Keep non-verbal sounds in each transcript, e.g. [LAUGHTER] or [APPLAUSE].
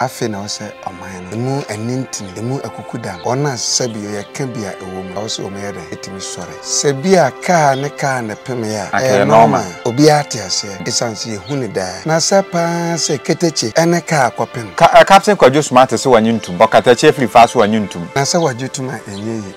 Afe na ɔsɛ ɔman no emu ɛni ntini emu ɛkuku da wɔn a sɛbi yɛ ka bi a ɛwɔ mu ɔsɛ wɔn yɛ dɛ etimi sɔre sɛbi a kaa ne kaa na pɛm yɛ a ɛyɛ nɔɔma obi ate aseɛ esan si ehu ne daa na sɛ paa sɛ ketekye ɛne kaa kɔpem. ka kapten eh, kwadwo suma te sɛ wɔnyi ntum ɔkatakye firi fa so wɔnyi ntum. na sɛ wɔgye tum a ɛnyɛ yie.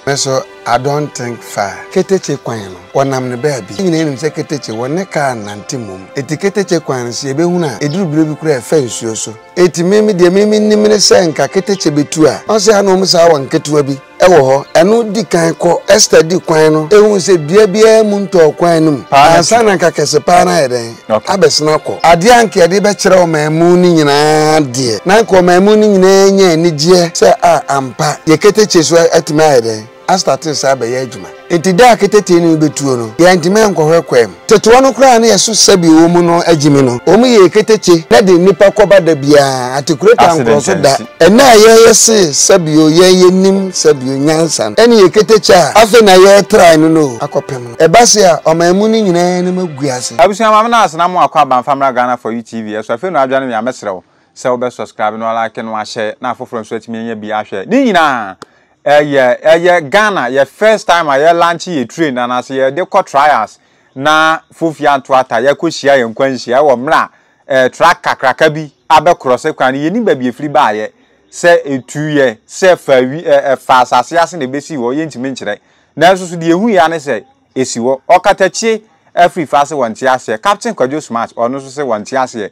I don't think far. Keteche kwanyano. Wanamne baby. nyina enu se keteche wone ka na ntimum. Eti keteche kwanyano si ebe hu na eduru bire bi kura efe nsuo so. Eti meme de meme nim ne se nka keteche betu a. Onse ha no mu wa nketewa bi. Ewo ho. Enu di kan ko Esther di kwan no. se bia bia mu nto kwan num. Ansa na nka kese pa na yeden. Abesina ko. Ade anka de be kire o ni nyina de. Na nka o ni nyina ni se a ampa. Ye keteche so astate saa bɛyɛ adwuma nti da a ketete no bɛtuo no yɛntimi nkɔhwɛkɔɛ m tetewa no koraa na yɛso sɛbi wɔ no agyi mi no ɔmu yɛ ketete na de nnipa kɔba da biara atekureta nkorɔ so da ɛna a yɛyɛ se sɛbio yɛn yɛnim sɛbio nyansa no ɛne yɛ ketete a afei na yɛtrae no no akɔpem no ɛba se a ɔman mu no nyinaa no magu ase abusua maame no asena mo akɔ abamfamra ghana for utv ɛso afei na adwane meamɛserɛ wo sɛ wobɛ subscribe na ɔlake no ahyɛ na afoforɔ nso atumi anya bi ahwɛ ne nyinaa ɛyɛ eh, ɛyɛ eh, ghana yɛ first time eh, a yɛ yɛ train anaasɛ yɛde kɔ trials na fofia ntoata yɛkɔ hyia yɛn nkwa nhyia wɔ mmerɛ a ɛɛ track kakraka bi abɛkorɔ sɛ kwan no yɛni baabi efiri baayɛ sɛ etu yɛ sɛ fawi ɛɛ ɛfa asase ase na ebesi wɔ nkyerɛ nanso so deɛ ehu sɛ esi wɔ ɔkatakye fa ase wɔn ti aseɛ captain kwadwo smart ɔno nso sɛ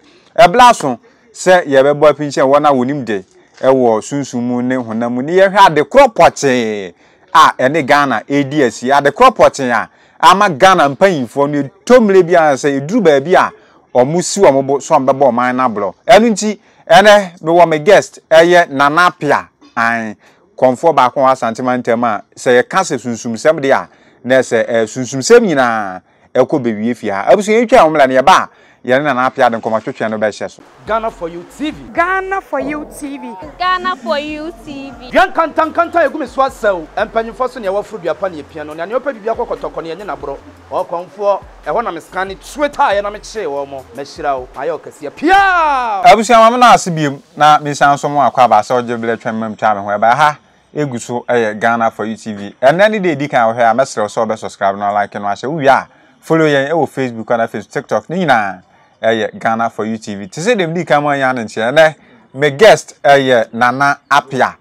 ɛwɔ sunsun mu ne honam mu ne yɛhwɛ adekorɔ pɔkyee a ɛne ghana edi asi adekorɔ pɔkyee a ama ghana mpanyinfoɔ no etomire bi a sɛ eduru baabi a wɔn si wɔn bo so wɔn bɛbɔ ɔman n'aborɔ ɛnu nti ɛnɛ mewɔ me guest ɛyɛ nana pia an kɔnfoɔ baako wɔ asantema ntɛm a sɛ yɛka sɛ sunsunsɛm deɛ a na sɛ ɛɛ sunsunsɛm nyinaa ɛkɔ bewie fie ha abusua yɛtwa wɔn mla ne yɛba a yɛne na n'apia de nkɔmɔ twetwe no bɛhyɛ so. ghana for you tv. ghana for you tv. ghana for you tv. dua nkantankanta egumi so asɛw mpanyinfoɔ so nea wɔforo dua pa nea pia no nea nea ɔpɛ biribi akɔ kɔtɔkɔ nea nye n'aborɔ ɔkɔnfoɔ ɛhɔ na mesika ne tueta a yɛnam kyee wɔn mo mɛhyira wo ayɛ ɔkɛseɛ pia. abusua maame na ase biem na mesan so mu akɔ aba sɛ ɔgye bere twɛn mu ntwa me ho ɛbaa ha egu so ɛyɛ ghana for you tv ɛnɛ ne de edi kan wɔ hɔ a mɛsrɛ sɛ ɔbɛ subscribe na ɔlike no ahyɛ wuwie a follow yɛn ɛwɔ facebook ana facebook tiktok ne nyinaa ɛyɛ ghana for you tv te sɛ deɛ mdi kan mu anya ne me guest ɛyɛ nana apia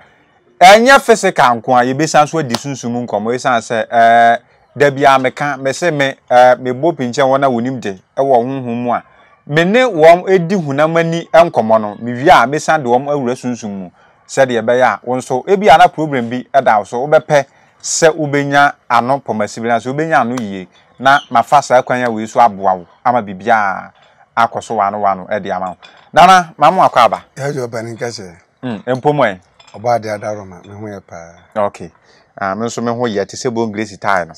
ɛnyɛ physical nko a yɛbɛsan so adi sunsum nkɔmɔ ɛsiane sɛ ɛɛ dabi a meka mese me ɛɛ mebo pinkyɛn wɔn a wɔnim de ɛwɔ honhom mu a me ne wɔn edi hunam ani nkɔmɔ no me wie a mesan de wɔn awura sunsum mu sɛdeɛ ɛbɛyɛ a wɔn nso ebi ana problem bi ɛda so wɔbɛpɛ sɛ wobɛnya ano pɔmasi bi na so wobɛnya ano yie na mafa saa kwan a wei so aboa ama biribiara. akɔ so wano wano ɛde ama wo nana maa mu akɔ aba. yàtò ọba ni nkẹsẹ. Hmm, mpom ẹ. ọba adi adaro ma mi ho yẹ paa. ok ah, mi nso mi ho yẹ te sẹ bon grace taa no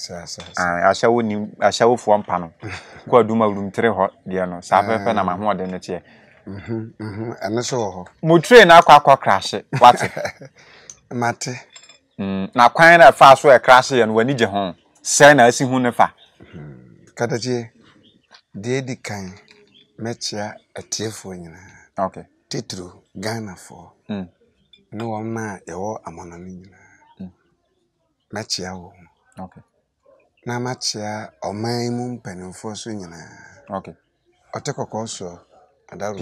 ah, ahyɛwo ni ahyɛwo fo mpa no [LAUGHS] kó adum awurum tiri hɔ deɛ no saa pɛpɛ na ah. ma ho ɔde ne teɛ. Mhm, mhm. ɛno nso wɔ hɔ. mo train akɔ akɔ krashe, wate. [LAUGHS] mate. Hmm, na kwan na ɛfa so ɛkrahye yɛ no w'ani gye ho sɛn na esi ho ne fa. Hmm. kadakyie deɛ di kan. mɛkyia atiefoɔ nyinaa okay. titiro ghanafoɔ mm. ne wɔn no a yɛwɔ amɔnɔ no nyinaa mm. mɛkyia wɔn okay. na makyia ɔman mu mpanimfoɔ so nyinaa okay. ɔte kɔkɔɔ soɔ adaro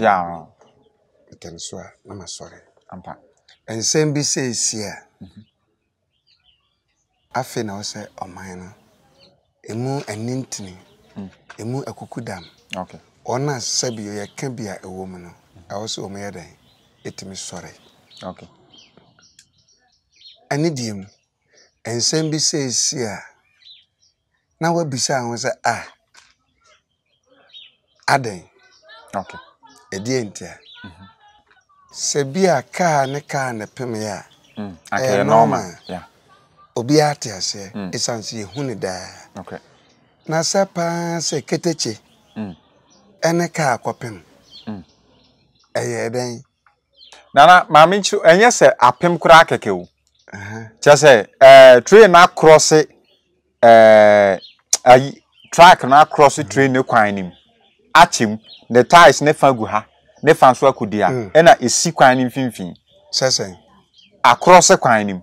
ntɛn so a na masɔre nsɛm bi esi a mm afei na ɔsɛ ɔman no ɛmu anintini hmm. emu ɛkuku dam okay. wɔn a sɛbi ka bi a ɛwɔ mu no ɛwɔ sɛ wɔn yɛ dɛn ɛtumi sɔre ɛne deɛ mu nsɛm bi sɛ esi a na wabisa ahu sɛ a adɛn ɛdeɛ ntia mm-hmm. sɛ bi a kaa ne kaa na pem yɛ a mm, ɛyɛ nɔɔma obiara te aseɛ ɛsiane mm. sɛ yɛhu ne daa na sɛ paa sɛ ketekye. ɛne kaa kɔpem mm. ɛyɛ dɛn nana maame nkyiri ɛnyɛ sɛ apem koraa kɛkɛ o kyerɛ sɛ ɛɛ train akorɔse ɛɛ ayi track no akorɔse train ne kwan nim akyem ne tyres ne fa gu ha ne fa nso akɔdi a mm. ɛna esi kwan ne mfimfini sɛsɛn akorɔse kwan nim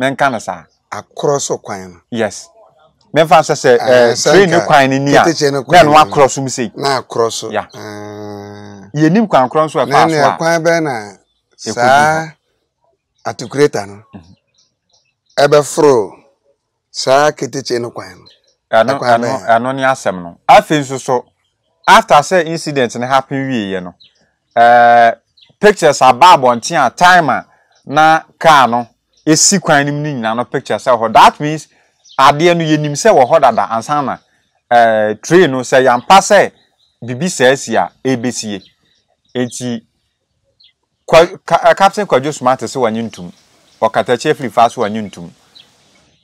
mɛnka no saa akorɔse kwan no yes mɛmfa sɛ sɛ train ne kwan no ni a na ɛno akorɔ so sei na akorɔ so yɛnim kwan korɔ nso ɛfa so a kwan bɛɛ na saa atokureta no ɛbɛforo saa ketekye no kwan no ɛno ɛno ɛno ne asɛm no afei nso so after sɛ incident no happen ye no ɛɛ pictures aba abɔnten a time na car no esi kwan no mu no nyinaa no pictures ɛwɔ that means adeɛ no yɛnim sɛ wɔ hɔ dada ansa na ɛɛ eh, tray no sɛ yɛampa sɛ biribi sɛɛ si a ɛbɛsie nti kwa ka eh, captain kwadwo smart sɛ wɔnye ntum ɔkatakye firi fa so wɔnye ntum.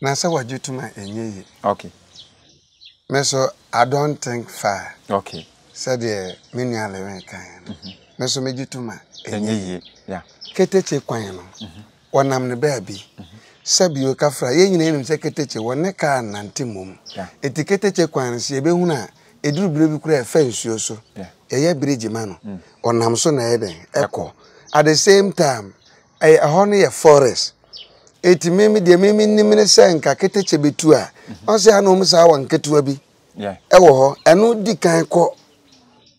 na sɛ wɔgye tum a ɛnyɛ yie. okay. me so i don't think far. okay. sɛdeɛ me nua lewin kan no mhm. me so megye tum a ɛnyɛ yie. ketekye kwan no mhm. wɔnam ne baabi. Mm -hmm. sɛbio kafra yɛn nyinaa nim sɛ ketekye wɔ ne kaa nante mmom ɛti ketekye kwan so yɛbɛhunu a ɛduru berɛ bi koraa ɛfa nsuo so ɛyɛ birigye ma no mm. ɔnam so na ɛyɛ dɛn ɛkɔ at the same time ɛyɛ ɛhɔ no yɛ forest ɛti mimi deɛ mimi nim ne sɛ nka ketekye bɛtu a mm-hmm. ɔsɛ ana ɔm saa wɔ nketewa bi ɛwɔ hɔ ɛno di kan kɔ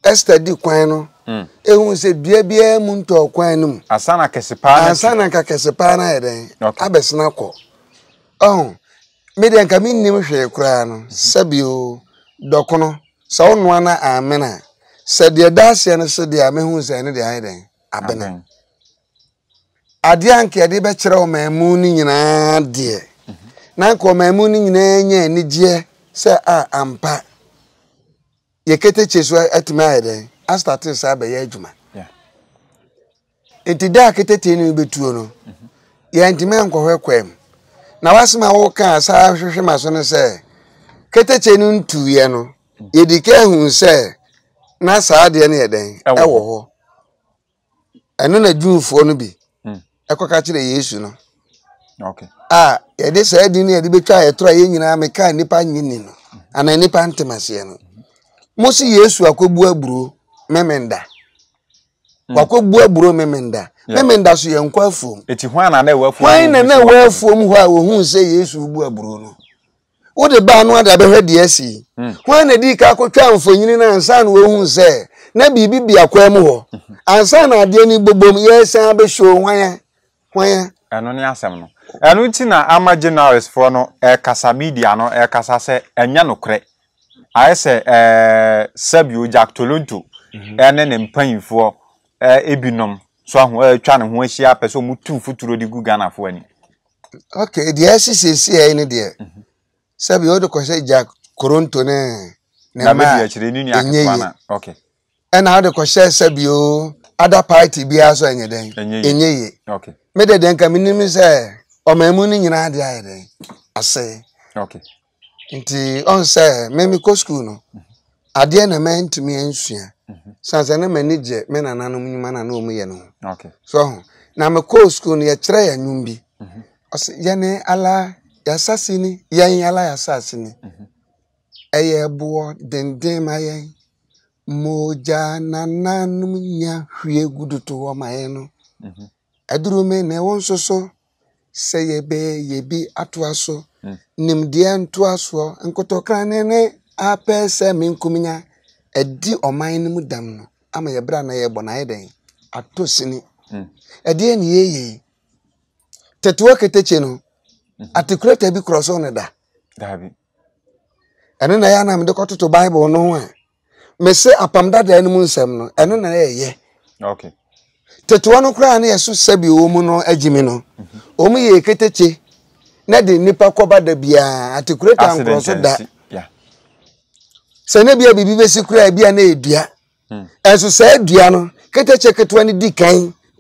ɛsta di kwan no Mm. ehu sɛ dua biara mu ntɔ kwan no mu ansa na paa ansa ka kɛse paa na yɛ dɛn abɛsena kɔ ɔho me deɛ nka mennim hwe koraa no mhm. sɛbio dɔkono Sa wo noa no amen a sɛ deɛ da aseɛ no so deɛ amehu mehu sɛ ne deɛ ayɛ dɛn abena adeɛ a nka yɛde bɛkyerɛ ɔmaamu no nyinaa deɛ mhm. na nka ɔmaamu no nyinaa nya anigyeɛ sɛ a ampa yɛketekye so atumi ayɛ dɛn Asta astate saa bɛyɛ adwuma nti da a ketete no bɛtuo no yɛntimi nkɔhwɛ kwam na wasɛm a wokaa saa hwehwe ma so no sɛ ketete no ntuiɛ no yɛdi ka ahu na saa adeɛ no yɛ dɛn ɛwɔ hɔ ɛno na dwumfoɔ no bi hmm. ɛkɔka kyerɛ yesu no a yɛde saa din no yɛde bɛtwa yɛtorɔ a yɛn nyinaa mekaa nnipa nyini no anaa nnipa ntemaseɛ no mo se yesu akɔbu aburuo memenda hmm. wakɔbu aburo memenda memenda so yɛ nkɔ eti hwan na na ɛwɔ afuom hɔ a wɔhuu sɛ yesu bu aburo no wode baa no ada bɛhwɛ deɛ asi hmm. hwan na dii ka akɔtwa mfonyini no ansa na hu sɛ na biribi bi akwa mu hɔ hmm. ansa na adeɛ no bobom yɛsan abɛhyɛ hwan hwan ɛno n'i asem no ɛno nti na ama generalistfoɔ no ɛkasa media no ɛkasa sɛ ɛnyɛ nokorɛ ayɛ sɛ ɛɛ sɛbio jack tolonto Mhm. ɛne ne mpanyinfoɔ ebinom so aho atwa ne ho ahyia apɛ sɛ ɔmo tu futuro de gu Ghana ghanafoɔ ani. ok deɛ ɛsi siesie ɛyi ni deɛ mhm. sɛbi o de kɔ sɛ gya koronto ne ne mmaa enye yie ɛna o de kɔ sɛ sɛbi o ada party biara so ɛnyɛ dɛn enye yie mi de dɛn ka mi nim sɛ ɔmo emu ne nyinaa de ayɛ dɛn ase nti ɔn sɛ mɛmi kɔ sukuu no. Mm -hmm. adeɛ na mɛntumi ansua mhm. san sɛ ne m'ani gye me nananom nnwuma na na wɔn yɛ no so hụ, na me kɔɔ sukuu no yɛkyerɛ yɛn nnwom bi mhm. ɔsɛ yɛne ala si ni yɛn ala si ni mhm. ɛyɛ ɛboɔ denden ma yɛn mogya nananom nya hwie hɔ ma yɛn no ɛduru mi na ɛwɔ nso so sɛ atoa so mm. nimdeɛ ntoa soɔ ne ne. apɛ sɛ menkominya ɛdi ɔman no mu dam no ama yɛbrɛ na yɛbɔ na ayɛdɛn ato sini hmm. ɛdeɛ ne yɛyɛ tetewa ketekye no hmm. atekurata bi korɔ so no da ɛno na ɛyɛ anam de kɔtoto bible no ho a mesɛ apam dadaa no mu nsɛm no ɛno na ɛyɛ tetewa no koraa ne yɛso sɛbi bi mu no agyimi no wɔn mhm. yɛ ketekye na de nipa kɔba da biara atekurata nkorɔ so da. sɛ ne bia biribi bɛsi koraa bia na edua hmm. ɛnso saa dua no ketekye ketewa no di kan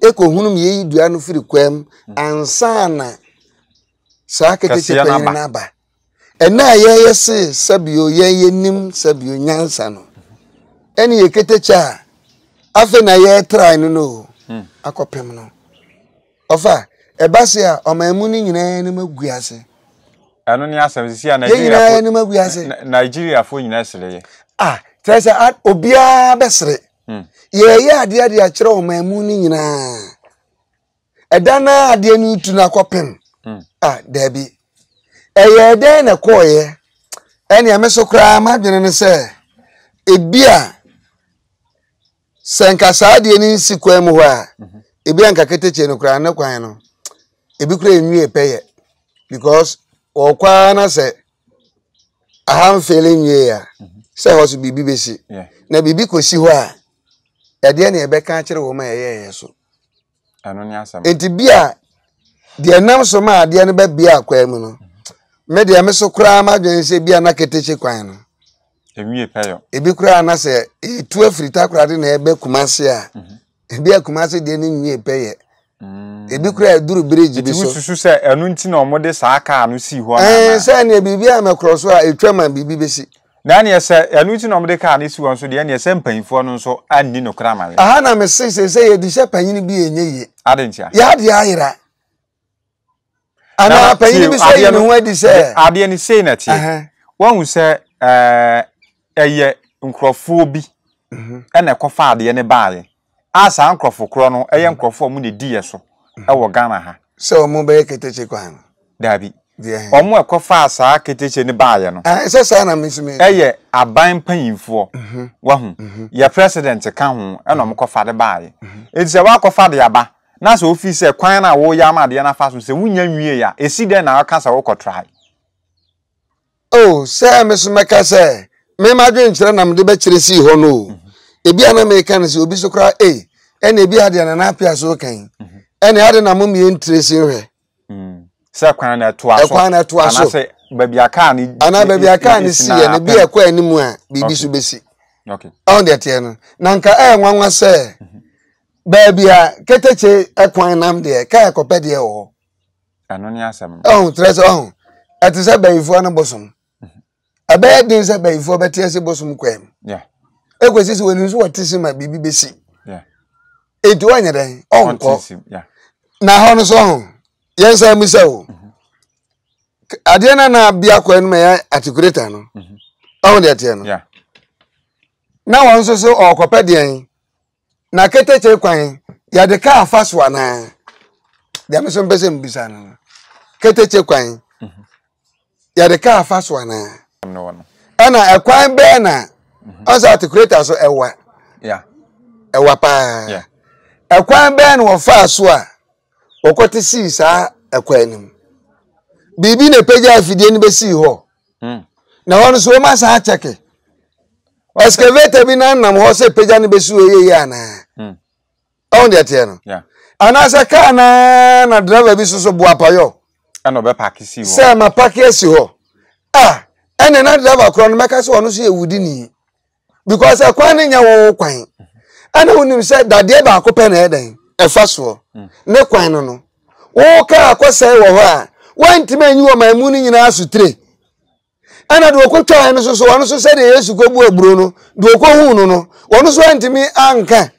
ɛkɔhunum yɛyi dua no firi kwam hmm. ansa na saa ketekye panyin n'aba aba ɛna a yɛyɛ se sɛbio yɛyɛ nim sɛbio nyansa no ɛne yɛ ketekye a afei na yɛtrae no no hmm. akɔpem no ɔfa ɛba se a ɔman mu no nyinaa no magu ase ɛno ne asɛm sisi a nigeria no ma wiase nigeria fo nyinaa sere yɛ ah tɛ sɛ obiara bɛsere yɛyɛ adeɛ adeɛ akyerɛ ɔman mu no nyinaa ɛda no adeɛ no tu no akɔpem ah daabi ɛyɛ dɛn na kɔɔyɛ ɛnea me so koraa madwene ne sɛ ebi a sɛ nka saa adeɛ no nsi kwan mu hɔ a mhm. ebi a nka ketekye no koraa ne kwan no ebi koraa enwie pɛyɛ because na wɔkwaana sɛ ahamfeele nwie ya mhm. sɛ hɔ so biribi bɛsi na biribi kɔsi hɔ a ɛdeɛ ne yɛbɛka akyerɛ wɔ ma yɛyɛyɛ so nti bi a deɛ nam so ma adeɛ no bɛbia akwan mu no mhm. me deɛ me so koraa m'adwene sɛ bi bia na ketekye kwan no ebi e koraa na sɛ etu afiri takoradi na ɛbɛ kumase a mhm. ebi akumase de ne nwie pɛyɛ Mm. ebi kura eduru bridge bi so eti susu sɛ ɛnu nti na ɔmo de saa kaa no si hɔ anaa eh, sɛ nea biribi a mɛkorɔ so a etwa ma biribi besi. na nea sɛ ɛnu nti na ɔmo de kaa no si hɔ nso deɛ nea sɛ mpanyinfoɔ no nso anni no kora ma yɛ. aha na mɛ sese sɛ yɛde hyɛ panyin bi yɛ nye yie. adi nkyɛn. yɛadi ayira anaa panyin bi sɛ yɛ ne ho adi sɛ. adeɛ ni sei na tie wɔn sɛ ɛɛ eh, ɛyɛ nkurɔfoɔ bi mhm. ɛna ɛkɔfa adeɛ ne baayɛ. a saa nkurɔfo korɔ no ɛyɛ nkurɔfo a ɔmo na edi yɛ so ɛwɔ ghana ha. sɛ ɔmo bɛyɛ ketekye kwan. daabi ɔmo ɛkɔfa saa ketekye ne baayɛ no. ɛsɛ saa na mi sumi. ɛyɛ aban mpanyinfoɔ mhm. wahu mhm. yɛ president ka ho ɛna ɔmo kɔfa de baayɛ mhm. eti sɛ wakɔfa de aba na sɛ ofi sɛ kwan na wɔyɛ ama adeɛ nafa so sɛ wunya nwie ya esi dɛ na ɔka sɛ wɔkɔ trai. o oh, sɛ mi sɛ mɛma adwe nkyerɛ na mi de bɛ kyerɛ si hɔ no. ebi a na m eka obi so koraa e ɛna ebi adeɛ na n'apia so kan ɛna ade na mo mie ntire si hwɛ. sɛ na ɛtoa ɛkwan na ɛtoa so ana baabi a kaa ne anaa baabi a kaa si yɛ no bi ɛkɔ anim a biribi so bɛsi ɔn no na nka ɛyɛ nwanwa sɛ baabi keteche ketekye ɛkwan nam deɛ kaa ɛkɔpɛ deɛ ɔn tẹrɛ sɛ ɔn ɛte sɛ bɛyifoɔ bosom ɛbɛyɛ den sɛ bɛyifoɔ bɛteɛ sɛ bosom kwan mu. ekwesịsị sị wenu nso wɔte ma biribi besi etu na hɔ no so ya yɛn nsa o mm-hmm. na atikuleta no ɔho dị ya no na wɔn nso so na ketekye kwan dị kaa afa so mbisa mm-hmm. afa so na. ɔsɛ articulator so ɛwa ɛwa paa ɛkwan bɛɛ na wɔfaa so a wɔkɔte sii saa ɛkwan no mu biribi na epagya afidie no bɛsii hɔ hmm. na hɔ no so wɔma saa kyɛke excavator bi na nam hɔ sɛ epagya no bɛsi hɔ yie anaa hmm. ɔn deɛ teɛ no anaasɛ kaa naa na driver bi soso bu apayɔ ɛna ɔbɛ paaki si hɔ sɛ ma paaki si hɔ a ɛna na driver korɔ no mɛka sɛ ɔno so yɛ wudi nii. because ɛkwan ne nya wɔn kwan ɛna wɔnim sɛ dadeɛ baako pɛ na ɛdɛn ɛfa soɔ mm. ne kwan no no wɔn kaa akɔsɛe wɔ hɔ a wɔntumi anyi wɔn maa mu no nyinaa asutire ɛna deɛ ɔkɔtwa wɔn no so so wɔn nso sɛdeɛ yesu kɔbu aburo no deɛ ɔkɔhu no no wɔn nso wɔntumi anka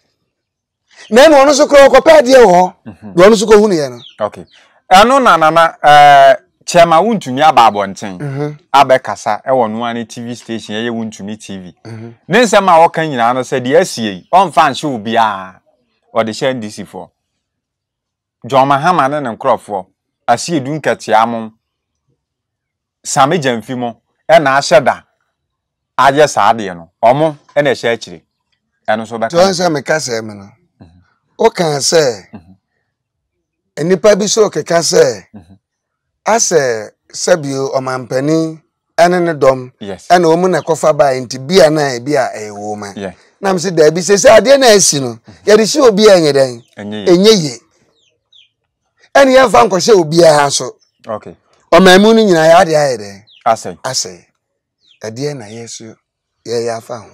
na ɛna wɔn nso kora ɔkɔpɛ adeɛ wɔ hɔ mm-hmm. deɛ wɔn nso kɔhu no yɛ no. ɛno na nana ɛɛ. chiama wuntumi aba abɔnten mhm. abɛkasa ɛwɔ noa ne tv station ɛyɛ wuntumi tv mhm. ne nsɛm a wɔka nyinaa no sɛ deɛ asie yi ɔmfa nhyɛ wo biara ɔde hyɛ ndc foɔ john mahama ne ne nkurɔfoɔ asie du nketea mo same gyamfi mo ɛna ahyɛ da ayɛ saa adeɛ no ɔmo ɛna ɛhyɛ akyire ɛno nso bɛka. tɔn sɛ meka mhm. sɛ mi no o kan sɛ enipa bi so keka sɛ. asɛ sɛbio ɔmampanin ɛne ne dɔm ɛna wɔn na kɔfa baa nti bia na ebi a ɛyɛ wɔn ma na mo sɛ daabi sɛ sɛ adeɛ na esi no mhm. yɛde si obi a ɛnyɛ dɛn ɛnyɛ yie ɛna yɛmfa nkɔhyɛ obiara so ɔmanmu no nyinaa yɛade ayɛ dɛn asɛ ɛdeɛ na yɛ so yɛyɛ afa ho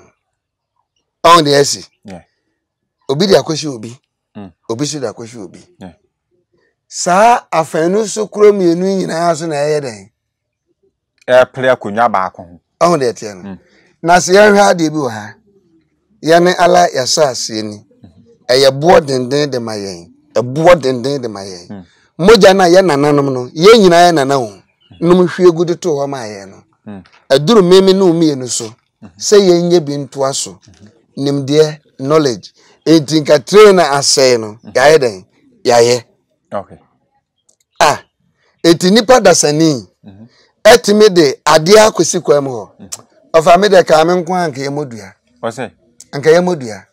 ɔn deɛ ɛsi obi de akɔhyɛ obi mm. obi so de akɔhyɛ obi. Yeah. saa afanu so kuro mmienu nyinaa so na ɛyɛ dɛn. ɛpere akonnwa baako ho. ɔho deɛ teɛ no mm. na sɛ yɛhwɛ adeɛ bi wɔ ha yɛne ala yɛsɔ aseɛ ni ɛyɛ boɔ denden de ma yɛn ɛboɔ denden de ma yɛn mm. mogya no a yɛ nananom no yɛn nyinaa yɛ nana mm. nom hwie gu de hɔ ma yɛn no ɛduru mmemme ne mmienu so mm-hmm. sɛ bi ntoa so mm-hmm. nimdeɛ knowledge na asɛe no mm-hmm. yɛayɛ dɛn yɛayɛ. eti nipa dasani ɛtumi mhm. de adeɛ akɔsi kwan mu hɔ mhm. ɔfa mi de kaa mi nko a nka yɛ mo dua nka yɛ mo dua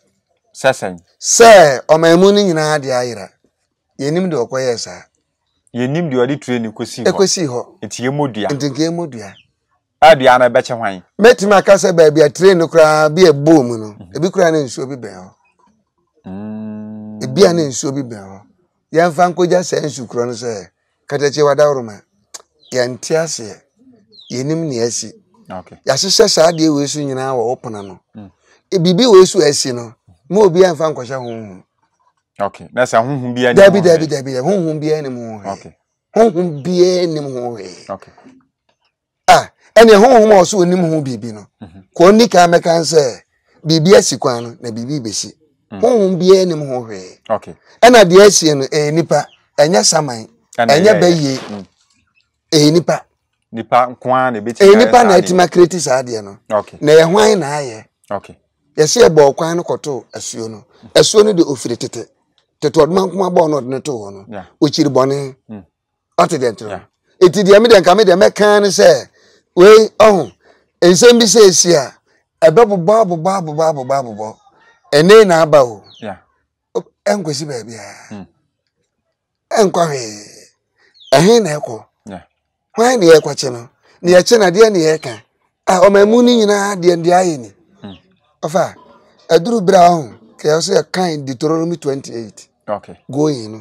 sɛ ɔman mu no nyinaa de ayera yɛnim de ɔkɔ yɛ saa yɛnim de ɔde ture ne ho? hɔ ɛkɔsi hɔ nti yɛ mo dua nti nka yɛ mo dua adua hwan mɛtumi aka sɛ baabi a train no koraa bi ɛbɔ mu no mhm. ebi kura ne nsuo bi bɛn hɔ mm. ebi a ne nsuo bi bɛn hɔ yɛnfa nkogya sɛ nsukorɔ no sɛ kɛtɛkye wadaroma yɛnte aseɛ yɛnim nea asi yɛahyehyɛ saa adeɛ wei so nyinaa wɔ wo pono no hmm. e biribi wei so asi no ma obi amfa nkɔhyɛ honhom dabi dabi dabi honhom biara nim ho hwee honhom biara nim ho hwee a ɛne honhom a ɔso onim ho biribi no mhm. kɔ ɔni kan mɛka sɛ biribi asi kwan no na biribi bɛsi hmm. honhom biara nim ho hwee ɛna deɛ asie no ɛyɛ e nipa ɛnyɛ e saman ɛnyɛ bɛ yie nipa nipa nkoa na ebi ti mm. ɛyɛ nipa na ɛtima kireti saa adeɛ no na yɛ hwan na ayɛ yɛsi ɛbɔ kwan no kɔtɔ ɛsuo no ɛsuo mm. no de ofiri tete tete nkoma ne to no eti mm. nka ne bi esi a na aba o Enkwesi ɛhe na ɛkɔ hwan deɛ ɛkɔkye no deɛ ɛkye na deɛ neɛ ɛka a ɔmamu e no nyinaa deɛ deɛ ayɛ ni ɔfa aduru berɛ a ɔho kɛɛ sɛ ɛkan deuteronomy 28 going no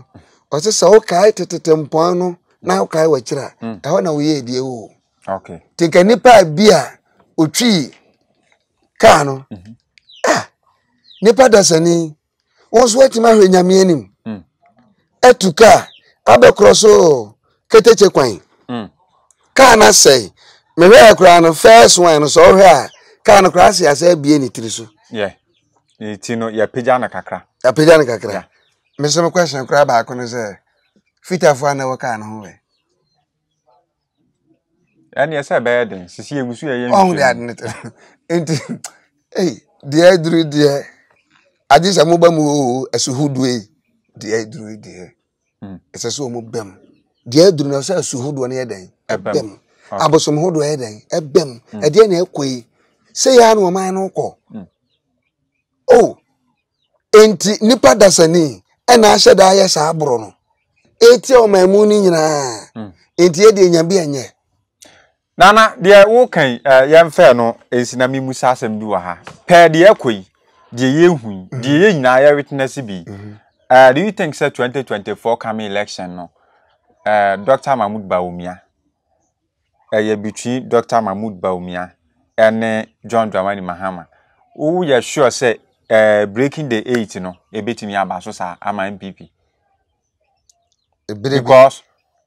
ɔsɛ sɛ wokae tetete mpɔn no na wokae wakyerɛ a ɛhɔ na woyɛ deɛ wo nti nka nnipa a bi a ɔtwii kaa no a nnipa dasani wo nso woatumi ahwɛ nyame anim ɛtu hmm. kaa abɛkorɔ so ketekye kwan hmm. kaa na sɛe mehwɛ koraa no first one no sɛ ɔhwɛ a kaa no koraa se asɛ abie ne tiri so ne ti no yɛpagya no kakra yɛpagya no kakra mesɛ me question koraa baako no sɛ fitafoɔ a na ɛwɔ kaa no ho wɛ ɛne ɛsɛ ɛbɛyɛ den sisi yɛgu so yɛyɛ ɔho de ade ne to [LAUGHS] nti ei deɛ aduru deɛ agye sɛ moba mu oo ɛso due deɛ aduru deɛ ɛsɛ hmm. e sɛ ɔmo bɛm deɛ aduru na sɛ asu hodoɔ no yɛ dɛn ɛbɛm ah. abosom hodoɔ yɛ dɛn ɛbɛm hmm. ɛdeɛ na ɛkɔ yi sɛ yɛ ɔman no kɔ hmm. o nti nipa dasani ɛna ahyɛ da ayɛ saa aboro no etia ɔman mu no nyinaa hmm. nti yɛde enya ɛnyɛ. nana deɛ woka yi eh, ɛɛ no esi na mimu sa asɛm bi wɔ ha pɛɛ deɛ ɛkɔ yi deɛ yɛhu yi deɛ yɛ nyinaa yɛ witness bi mhm. eh, do you think sɛ twenty twenty four coming election no ɛɛ uh, dr mahmood bawumia ɛyɛ uh, betwi dr mahmood bawumia ɛne john dramani mahama wowu yɛ sure sɛ ɛɛ breaking the eight no ebetumi aba so saa ama npp ebire bi because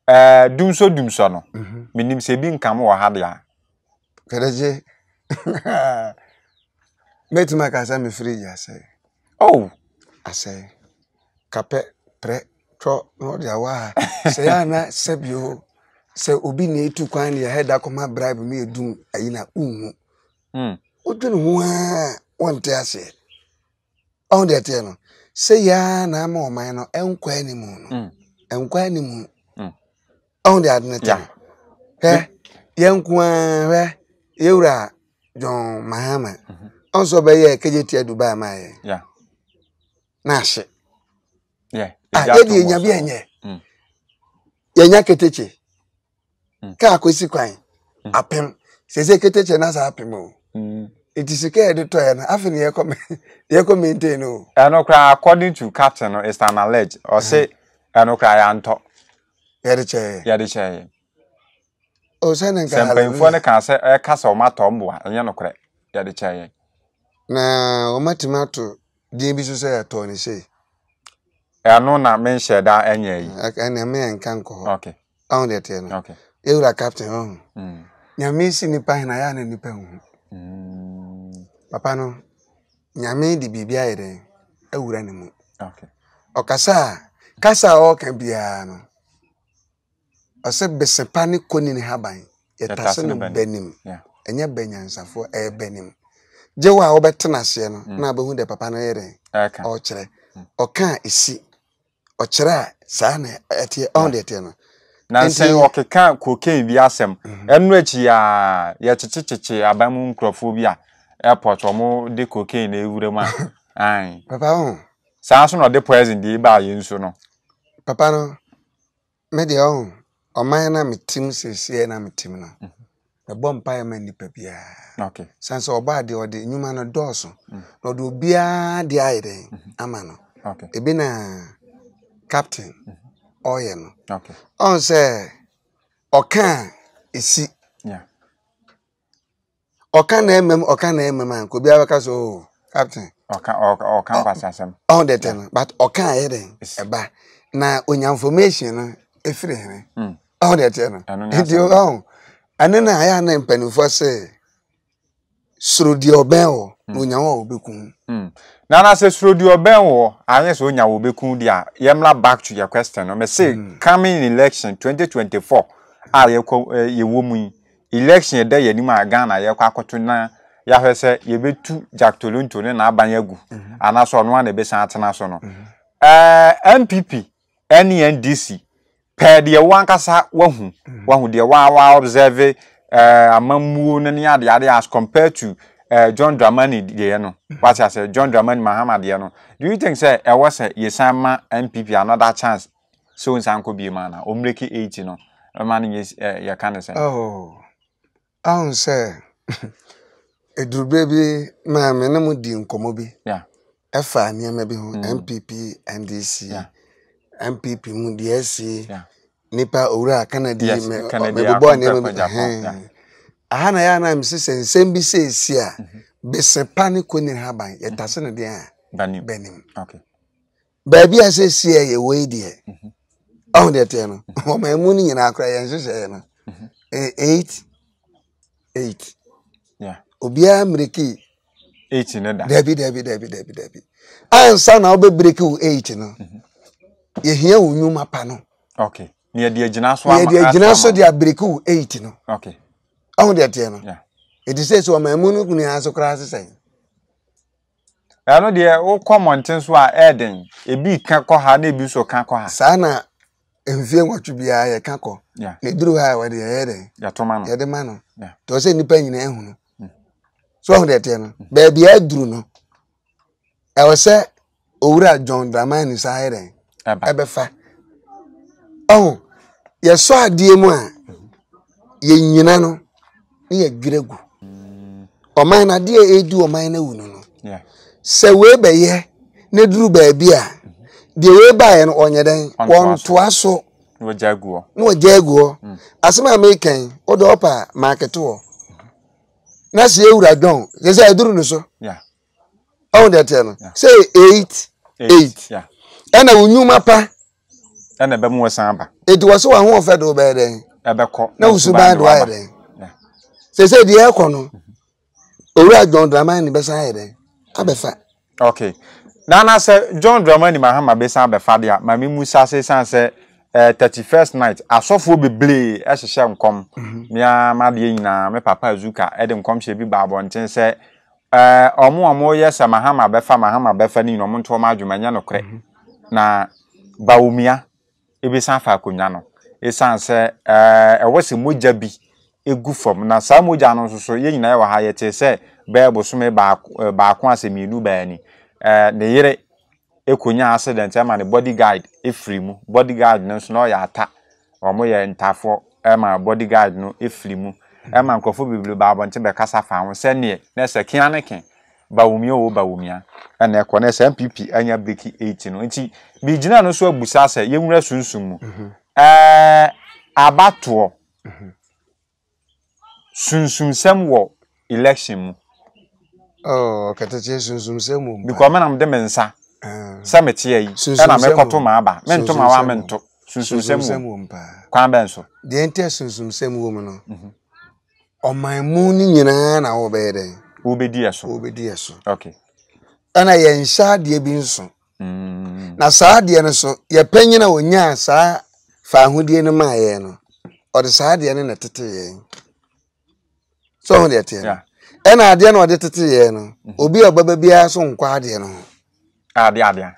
ɛɛ uh, dumso dumso no mm -hmm. menim sɛ ebi nkam wɔ ha dea kɛrɛgye [LAUGHS] mɛtumi akasa mefiri yi asɛe oh asɛe kapɛ prɛ tɔ na ɔde awa ha sɛ yɛ ana sɛ bio sɛ obi na etu kwan na yɛhɛ da kɔma bribe mu yɛ dum ayi na unhu wodwene hmm. ho a wɔnte aseɛ ɔn deɛ teɛ no sɛ yɛa na ama ɔman no ɛnkɔ anim no ɛnkɔ anim ɔn deɛ ade no te no hwɛ yɛnko ara hwɛ john mahama ɔn sɛ ya kɛgye tia dubai ma ya, na ahye yɛde yɛnya bi ɛnyɛ yɛnya ketekye kaa kɔsi kwan apem sese keteche na saa apem o eti sika yɛde tɔɛ no afe ne yɛkɔ mɛ yɛkɔ maintain o. ɛno koraa according to captain no is an allege ɔse ɛno koraa yɛantɔ. yɛde kyɛɛ yɛde kyɛɛ. o sɛ ne nka hallelujah sɛ mpanyinfoɔ no kan sɛ ɛka sɛ ɔmo atɔ ɔmo a ɛnyɛ no yɛde kyɛɛ. na ɔmo atumi ato deɛ bi so sɛ yɛtɔ ne sei. ɛno na menhyɛ da ɛnyɛ yi ɛnɛ meyɛ nka nkɔ hɔ ɔho deɛ teɛ no yɛwura captain ɔho oh. hmm. nyame si nipa hena yɛ a na nnipa oh. hu hmm. papa no nyame de biribi ayɛ dɛn awura ne mu ɔkasa a kasa a ɔreka biara no ɔsɛ bese pa ne kɔni ne haban yɛtase no bɛnim ɛnyɛ bɛnyansafoɔ ɛyɛ bɛnim gye wo a wobɛtena aseɛ no na abɛhu dɛ papa no yɛ dɛn ɔkyerɛ ɔka a ɛsi ɔkyerɛ a saa na ɛteɛ ɔn deɛ ɛteɛ no. nansan ɔkeka cocaine bi asɛm mhm. ɛnu akyi a yɛkyekyekyekye aban mu nkurɔfoɔ bi a airport wɔn de cocaine na ewura mu a ayi. [LAUGHS] papa ɔn. saa nso na ɔde poison de ba yɛn nso no. papa no me deɛ ɔn ɔman na me tim siesie na me tim no mhm. ɛbɔ mpaeɛ ma nipa biara san sɛ ɔbaa deɛ ɔde nnwuma no dɔɔso mhm. na ɔde obiara de ayɛ dɛn ama no ebi na. captain ɔyɛ mm-hmm. no ɔn sɛ ɔka a esi oh, ɔka na ɛmɛm ɔka na ɛmɛm a nkobi abɛka so o captain. ɔka ɔka ɔka nkwasi asɛm. ɔn de tɛ no but ɔka a yɛ dɛ ɛba na onya information no efiri hene ɔn de tɛ no nti ɔn ɛne na ayɛ a na mpanyinfoɔ sɛ soro deɛ ɔbɛn wɔ onya hmm. wa obekun mm na na se surodi oben wo anye so onya wo obekun dia yemla back to your question no me say hmm. coming election 2024 a e, ye wo mu election de ye ni ma Ghana ye kwa koto na ya hwe se ye betu Jack Tolonto ne na aban agu hmm. ana so no na be san atena so no eh MPP NNDC e pɛ deɛ wankasa wahu wahu deɛ wa wa observe eh amamuo ne ne ade ade as compared to uh, John Dramani deɛ no mhm. wate ase John Dramani Mahama deɛ no do you think sɛ ɛwɔ sɛ yɛsan ma NPP another chance so nsan kɔ bie ma na ɔmmereki eight no ɛma no eh, yɛka ne sɛ. Oh. ahun sɛ [LAUGHS] edurube bi maame ne mu di nkɔmɔ bi ɛfa nneɛma bi ho NPP NDC NPP mu deɛ ɛsi nipa owura kanadi mɛ ɔmɛ bɔ nneɛma bi hɛn aha na ya anam sị sị nsem bi sị esi a mhm. besepa ne kọ nyere ha ban yɛtase mhm. ne deɛ a bɛnim baabi a sɛ si a yɛwɔ yi deɛ ɔho mhm. deɛ teɛ no ɔma mu no nyinaa kora yɛnhyehyɛeɛ no eight eight obiara mmereki dabi dabi dabi dabi dabi ansa na wobɛbreki wo eight no yɛhia wo nnwuma pa no na yɛde agyina so de abreki wo eight no okay. ɔho deɛ teɛ ya ɛti sɛ sɛ ɔma mu no kunu ha so koraa se sɛn ɛno deɛ wokɔ mmɔnten so a ɛɛden ebi ka kɔ ha na ebi so ka kɔ ha saa na mfie nwɔtwe biara yɛka kɔ na ɛduru ha a wɔde yɛyɛ dɛn yɛde ma no tɔ sɛ nnipa nyinaa ahu no mm. so ɔho deɛ teɛ no mm. baabi aduru no ɛwɔ sɛ owura john dramani saa yɛ dɛn ɛbɛfa ɔho yɛsɔ adeɛ mu a mm-hmm. yɛnyina no ne yɛ dwerɛ gu ɔman na deɛ ɛredi ɔman no awu no no sɛ wei bɛyɛ ne duru baabi a deɛ wee baeɛ no ɔnyɛ dɛn wɔntoa so na wɔgya agu hɔ mm. asɛm a meekɛn wode ɔpa a maakete hɔ na sɛ ɛwura dwɔn sɛ sɛ ɛduru no so ɔwo deɛ teɛ no sɛ eight eight ɛna wo nnwuma pa ɛna ɛbɛmu wɔ san ba ɛti wɔ sɛ wɔahoɔfɛ de wobɛyɛ dɛn na wo suban de woayɛ dɛn sese deɛ ɛkɔ no owura john dramani bɛsan ayɛ dɛ abɛfa. okay nana sɛ john dramani mahama bɛsan mhm. di deɛ maame musa sesan sɛ ɛɛ thirty first night asɔfoɔ bebree ɛhyehyɛ nkɔm mmea madeɛ nyinaa me papa azuka ɛde nkɔmhyɛ bi ba abɔnten sɛ ɛɛ ɔmo ɔmo yɛ sɛ mahama bɛfa mahama bɛfa ne nyina ɔmo nto ɔmo adwuma nyɛ nokorɛ mhm. na bawomia ebi san fa akonnwa no esan sɛ ɛɛ ɛwɔ sɛ mogya bi. egu fam na saa mogya no nso so yɛn nyinaa wɔ ha yɛte sɛ bɛɛ bosome baako baako asɛ mmienu baani ɛɛ ne yere ekonya accident ɛma ne body guard efiri mu body guard no nso na ɔyɛ ata wɔn yɛ ntafoɔ ɛma body guard no efiri mu ɛma nkorɔfo bebree ba abɔnten bɛkasa fa ho sɛneɛ na ɛsɛ kea ne ke bawumia wo bawumia ɛna ɛkɔ na ɛsɛ npp anya breki eight no nti bi gyina no so abusa sɛ yɛnwura sunsun mu mhm. ɛɛ abatoɔ. Mhm. sunsumsɛm wɔ election mu. ɔɔ oh, kɛtɛkyɛ sunsumsɛm wɔ mu. bikɔ mɛnam de mi nsa ah. sɛ mi teɛ yi ɛna mi kɔto maa ba mi nto maa wa mi nto sunsumsɛm wɔ mu kwan bɛn so. deɛ n tɛ sunsumsɛm wɔ mu no mhm. ɔman mu ni nyinaa na wɔbɛyɛ dɛ. wɔbɛdi yɛ so wɔbɛdi yɛ so. okay. ɛna yɛn nhyɛ adeɛ bi nso. Mm. na saa adeɛ no so yɛpɛnyina onyaa saa faahodie no maa yɛn no ɔde saa adeɛ no na tete yɛn. sọhụ na no mm-hmm. a biara so na na no ho ah, adeɛ adeɛ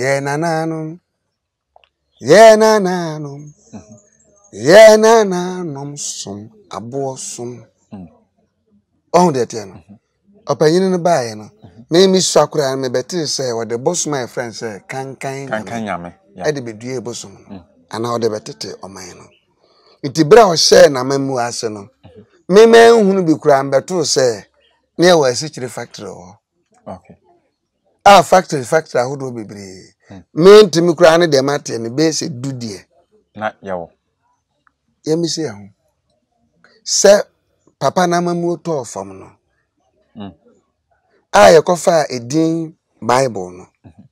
yɛɛ nananom yɛɛ nananom mm-hmm. yɛɛ nananom som aboɔ som mm. ɔhụ deɛ teɛ no mm-hmm. ɔpanyin no baeɛ no mɛmi sua koraa no mɛbɛtee sɛ wɔde bosom a yɛfrɛ no sɛ kankan nyame ɛde bɛdua bosom no mm. anaa ase meme nhunu bi kura mbɛtoo sɛ na yɛ wɔ asikyire factory hɔ a factory factory ahodoɔ bebree hmm. mentumi koraa ne deɛ mateɛ no bɛyɛ sɛ du die. na yɛwɔ yɛmisi yɛ ho sɛ papa n'amamuo tɔɔ fam no hmm. a yɛkɔfa edin bible no mhm.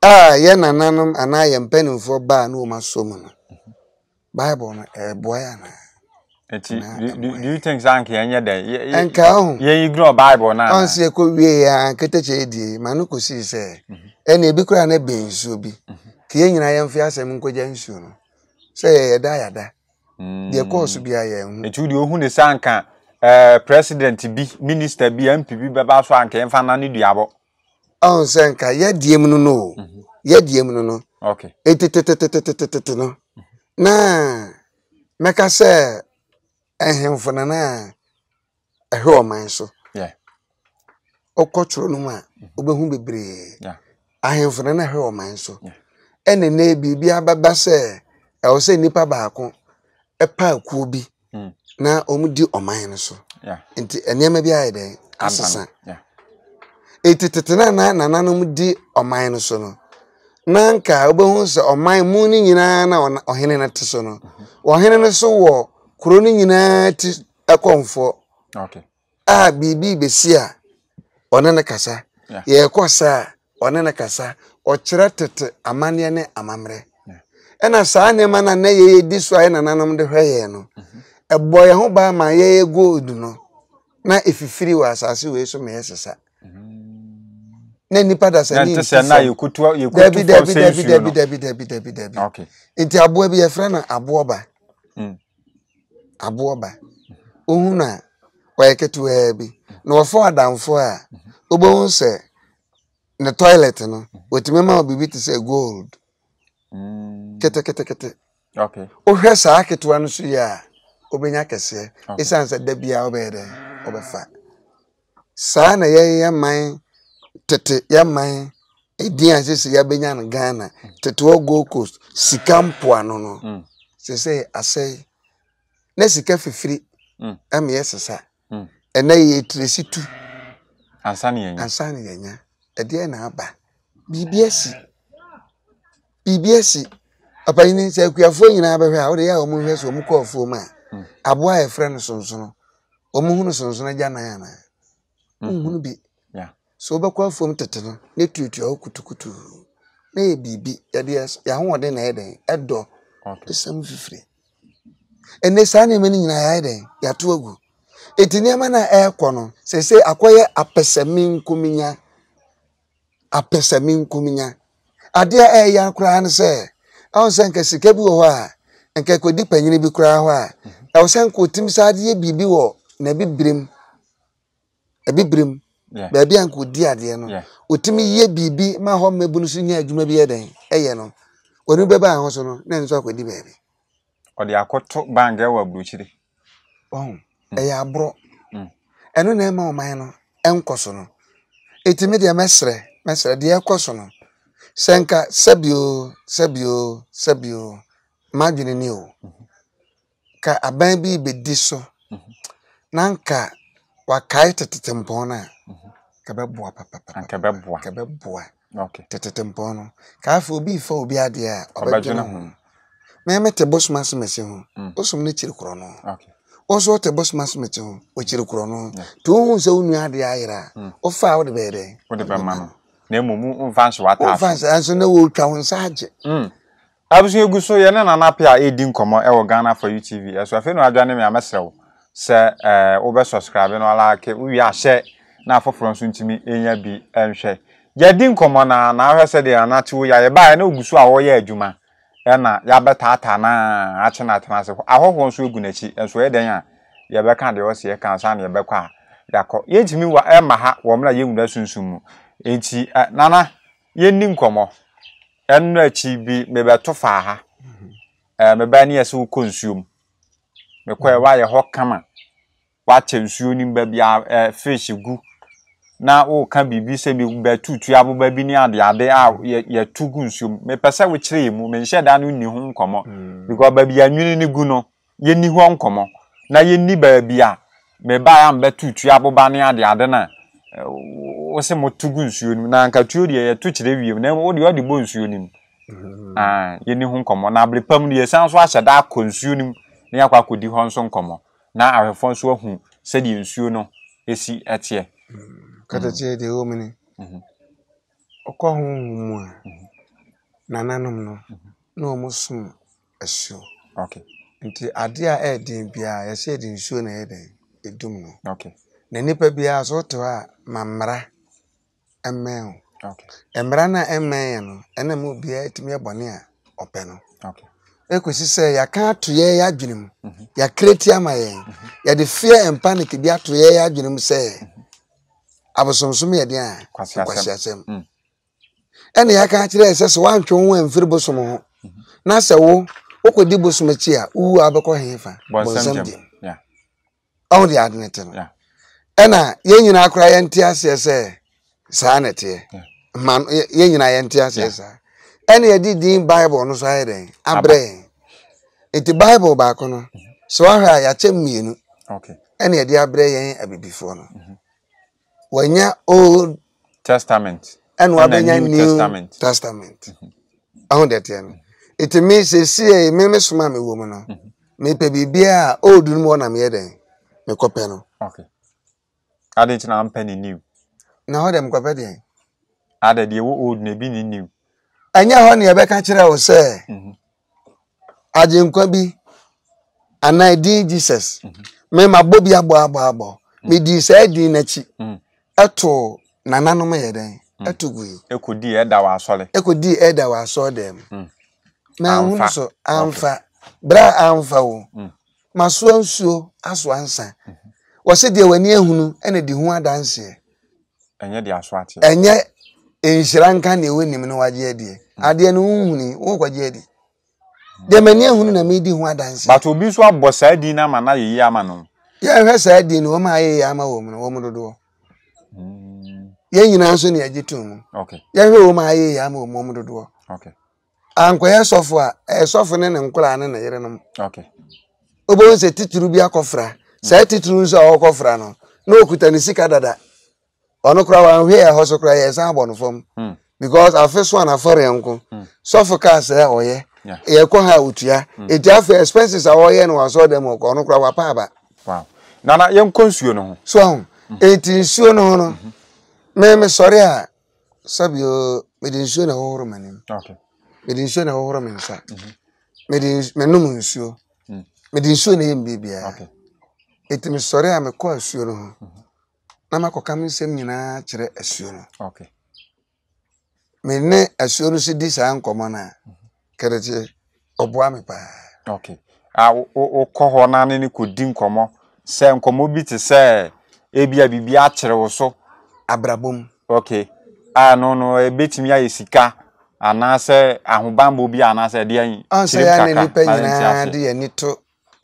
a yɛ nananom anaa yɛ mpanimfoɔ baa na wɔn asɔ mu no mhm. bible no ɛɛboa yɛ na. Eti do you think sanke enye den? Enka ho. Ye ignore Bible na. On se ko wie ya keteche di ma no ko si se. Ene mhm. ebi kura na be nsuo bi. Mhm. Ke ye nyina ye mfi asem nkoja nsuo no. Se ye da ya da. De course bi aye hu. Eti di ohu ne sanka eh president bi, minister bi, MP bi beba so anka emfa na ne duabo. On se nka ye diem no no. Mhm. Ye diem no no. Okay. Eti tetetetetetete no. Na meka se ahemfo na na ɛhwɛ ɔman so ɔkɔ kyerɛ no mu a wobɛhu mm-hmm. bebree ahemfo na na ɛhwɛ ɔman so ɛne na biribi ababa sɛ ɛwɔ sɛ nnipa baako ɛpa akuo bi mm. na ɔmu di ɔman no so nti nneɛma bi ayɛ dɛn asesa eti tete na na nananom di ɔman no so no na nka wobɛhu sɛ ɔman mu no nyinaa na ɔhene no te so no mm-hmm. ɔhene no so wɔ kuro no nyinaa ti ɛkɔmfoɔ a biribi bɛsi a ɔne ne kasa yɛrekɔ saa ɔne ne kasa ɔkyerɛ tete amanneɛ ne amammerɛ ɛna saa nneɛma no na yɛyɛ di so a yɛ nananom de hwɛ yɛn no mm-hmm. ɛbɔ yɛn ho baa ma yɛyɛ gold no na efifiri wɔ asase wei so ma yɛ sesa mm-hmm. na nipa dasani nti dabi dabi dabi dabi dabi dabi dabi nti aboa bi yɛfrɛ no aboɔba. Mm. aboɔ ba ohun a ɔyɛ ketewa bi na wɔfɔ adamfo a obohu sɛ ne toilet no otumi ma wɔ biribi te sɛ gold mm. ketekete wohwɛ saa ketewa no so yɛ a obɛnya kɛseɛ ɛsiane sɛ da biara wobɛyɛ dɛ wobɛfa saa na yɛyɛ yɛman tete yɛman ɛdin a sɛsɛ yɛbɛnya no ghana mm. tetewa gold coast sika mpoano no sɛ sɛ asɛe na sika fifiri ɛma mm. yɛsesa mm. ɛnɛ yɛ tiresi tu ansa ne yɛnya ɛdeɛ na aba biribi asi biribi asi ɔpanyin sɛ akuafoɔ nyinaa bɛhwɛ a wode yɛ a wɔn hwɛ sɛ wɔn kɔɔ fuom a mm. aboa a yɛfrɛ no sonsono wɔn hunu sonsono agya nan ana nhunu bi so wobɛkɔ fuom tete no ne tuatua hɔ kutukutu na yɛ biribi yɛde yɛahoɔden na yɛ den ɛdɔ esam fifiri. ɛnɛ saa na nneɛma no nyinaa yɛ dɛn yɛato agu eti nneɛma no a ɛrekɔ no sese akɔyɛ apɛsɛmi nkominya apɛsɛmi nkominya adeɛ a ɛyɛ koraa no sɛ ahu sɛ nka sika bi wɔ hɔ a nka kodi panyin bi koraa hɔ a mhm. ɛwɔ sɛ nka otim saa adeɛ biribi wɔ na birim ɛbi birim baabi a nka odi adeɛ no otimi yɛ biribi ma hɔ mmabunu so nyɛ adwuma bi yɛ dɛn ɛyɛ no wɔn bɛba ahosuo no na nso akɔdi baabi. ɔde akɔto bank ɛwɔ aburukyire ɔhun mm. ɛyɛ aborɔ mm. ɛno na ɛma ɔman no ɛnkɔ so no etimi deɛ mɛsrɛ mɛsrɛ deɛ ɛkɔ so no sɛnka sɛbio sɛbio sɛbio madwene ni o mm-hmm. ka aban bi bedi so mm-hmm. na nka wakae tete mpɔn no a mm-hmm. kɛbɛboa papapapa kɛbɛboa kɛbɛboa tete mpɔn no kaafe obi nfa obi adeɛ a ɔbɛdwene ho mɛmɛ tɛ bɔsuma sumɛsi ho mm. o sum ne kyiri korɔ no ɔso ɔtɛ bɔsuma sumɛsi ho o kyiri korɔ no to ohun sɛ onu adi ayira mm. ɔfa a ɔde bɛyɛ dɛ. o de bɛ ma no na emu mu nfa nso wa taa so. nfa nso na wotwa ho nsa agye. Mm. abusu egu so yɛn ne nana pe a edi nkɔmɔ ɛwɔ ghana for utv ɛso afei na wadwa ne mi amɛsrɛw sɛ ɛɛ eh, wobɛ subscribe no alaake wowie ahyɛ na afoforɔ nso ntumi enya bi ɛnhwɛ yɛdi nkɔmɔ na na ahwɛ sɛ deɛ anate yɛ a yɛbaa yɛ na ogu so a wɔyɛ adwuma ɛna yɛabɛtaataa a atwe no atena ase ahɔhoɔ nso gu n'akyi nso yɛ dɛn a yɛbɛka deɛ ɔsɛ yɛka nsa na yɛbɛkɔ a yɛakɔ yɛntumi wa ɛma ha wɔ mmerɛ a yɛnwura sunsum mu nti nana yɛnni nkɔmmɔ ɛno akyi bi mebɛto faa ha ɛɛ mebaa ne yɛ wokɔ nsuom mekɔɛ mm. wayɛ hɔ kama wakyɛ nsuo no mu a ɛɛ fish gu na woka biribi sɛ bi bɛtutu aboba bi ne ade ade a yɛtu gu nsuom mepɛ sɛ wokyerɛ yɛ mu menhyɛ da no nni ho nkɔmmɔ mm. because baabi anwene no gu no yɛnni hɔ nkɔmmɔ na yɛnni baabi a mebaeɛ a mbɛtutu aboba ne ade ade no a eh, wosɛ moto gu nsuo no mu na nkatuo deɛ yɛto kyerɛ wiem na wode ɔde bɔ nsuo no mu mm-hmm. ah, yɛnni ho nkɔmmɔ na abere pam no yɛsan so ahyɛ da akɔ nsuo no mu na yɛakɔ akɔdi hɔ nso nkɔmmɔ na ahwɛfoɔ nso ahu sɛdeɛ nsuo no ɛsi ɛteɛ Cadê de homem? Ocorre um humor. No na mm-hmm. a som Nti adeɛ a ɛyɛ den biara nsuo na ɛyɛ den edum no. Na nipa biara so wote hɔ a mamra mmɛn e o. E Mmra na mmɛn yɛ no ɛna mu biara a ɔpɛ no. Ekosi sɛ yaka ato mu. ama yɛn. Yɛde bi ato yɛ adwene mu sɛ. abosomsom a kwasiasɛm ɛna mm. yɛaka kyerɛ sɛ sɛ woantwe wo amfiri bosom ho mhm. na sɛ wo wokɔdi bosom akyi a wowu a wobɛkɔ na fa bɔnsɛm gyem ɔho ya ade ne te no ɛna yɛn nyinaa koraa yɛnte aseɛ na saa ne ya ma yɛn nyinaa yɛnte aseɛ saa ɛna yɛde din bible no so no mhm. no mhm. wɔnya old testament ɛna wɔabɛnya new testament ɔho dɛteɛ no ɛtumi sɛsie meme soma a mewɔ mu no mepɛ biribia a old no mu hɔ na meyɛ dɛn mekɔpɛ no ade nkyɛ na ampɛ ne new na hɔ dɛ mekɔpɛ deɛn ada deɛ ɛwɔ old na ebi ne new ɛnyɛ hɔ ne yɛbɛka kyerɛ wo sɛ mhm. agyenkwa bi anaa din jesus mhm. memabɔ bi abɔ abɔ abɔ medii mhm. saa din n'akyi ɛto nananom yɛ dɛn hmm. ɛto guyi. ekodi ɛda wɔ asɔre. ekodi ɛda wɔ asɔre dɛm. Hmm. na ahunu so anfa bere anfa wo hmm. ma soa nsuo aso ansa wɔsi deɛ w'ani ehunu ɛna di ho adanseɛ. ɛnyɛ deɛ aso ate. ɛnyɛ nhyira nka na ewe nim no wagye adeɛ adeɛ no nhuni wɔkɔgye adeɛ deɛ m'ani ehunu na di hu adanseɛ. bàtà obi nso abɔ saa di na ma na yɛ yie ama no. yɛn hwɛ saa di na wɔn a yɛ yie ama wɔn no wɔn dodoɔ. yɛn nyinaa nso na yɛgye to mu yɛhwɛ wɔn a ayɛ yɛ ama wɔn mu dodoɔ ankɔyɛ ah, sɔfo a ɛsɔfo eh, ne ne nkoraa ne ne yerenom obɛhu sɛ titiri bi akɔfra saa titiri nso a ɔkɔfra no na okuta ne sika dada ɔno koraa wanhwɛ ɛhɔ so koraa yɛsan abɔ no fam hmm. because afe so a n'afɔre nko hmm. sɔfo kaa sɛ ɔyɛ yɛkɔ ha otua hmm. eti afɛ expenses a wɔyɛ no wasɔ dɛm ɔkɔ ɔno koraa wapa aba. nana yɛn nkɔ nsuo no ho. so ahun. eti nsuo no ho no sọrọ mesɔre a sɛbio mede nsuo na ɛhohoro m mede nsuo na ɛhohoro me nsa mm-hmm. menom nsuo mm. mede nsuo na ɛyɛ mbiribiara eti mesɔre a mekɔ asuo no ho mm-hmm. na makɔka nsị m nyinaa kyerɛ asuo no mene asuo no so di saa nkɔmmɔ no a mm-hmm. kɛdɛkye ɔboa me paa wokɔ hɔ no ne ne kɔdi nkɔmɔ sɛ nkɔmɔ bi te sɛ ebia biribi akyerɛ wo so abrabɔ mu okay a no no ebetumi ayɛ sika anaasɛ ahobanbɔ bi anaasɛ ɛde ayi ansa yɛ ne nipa nyinaa de yɛ ni to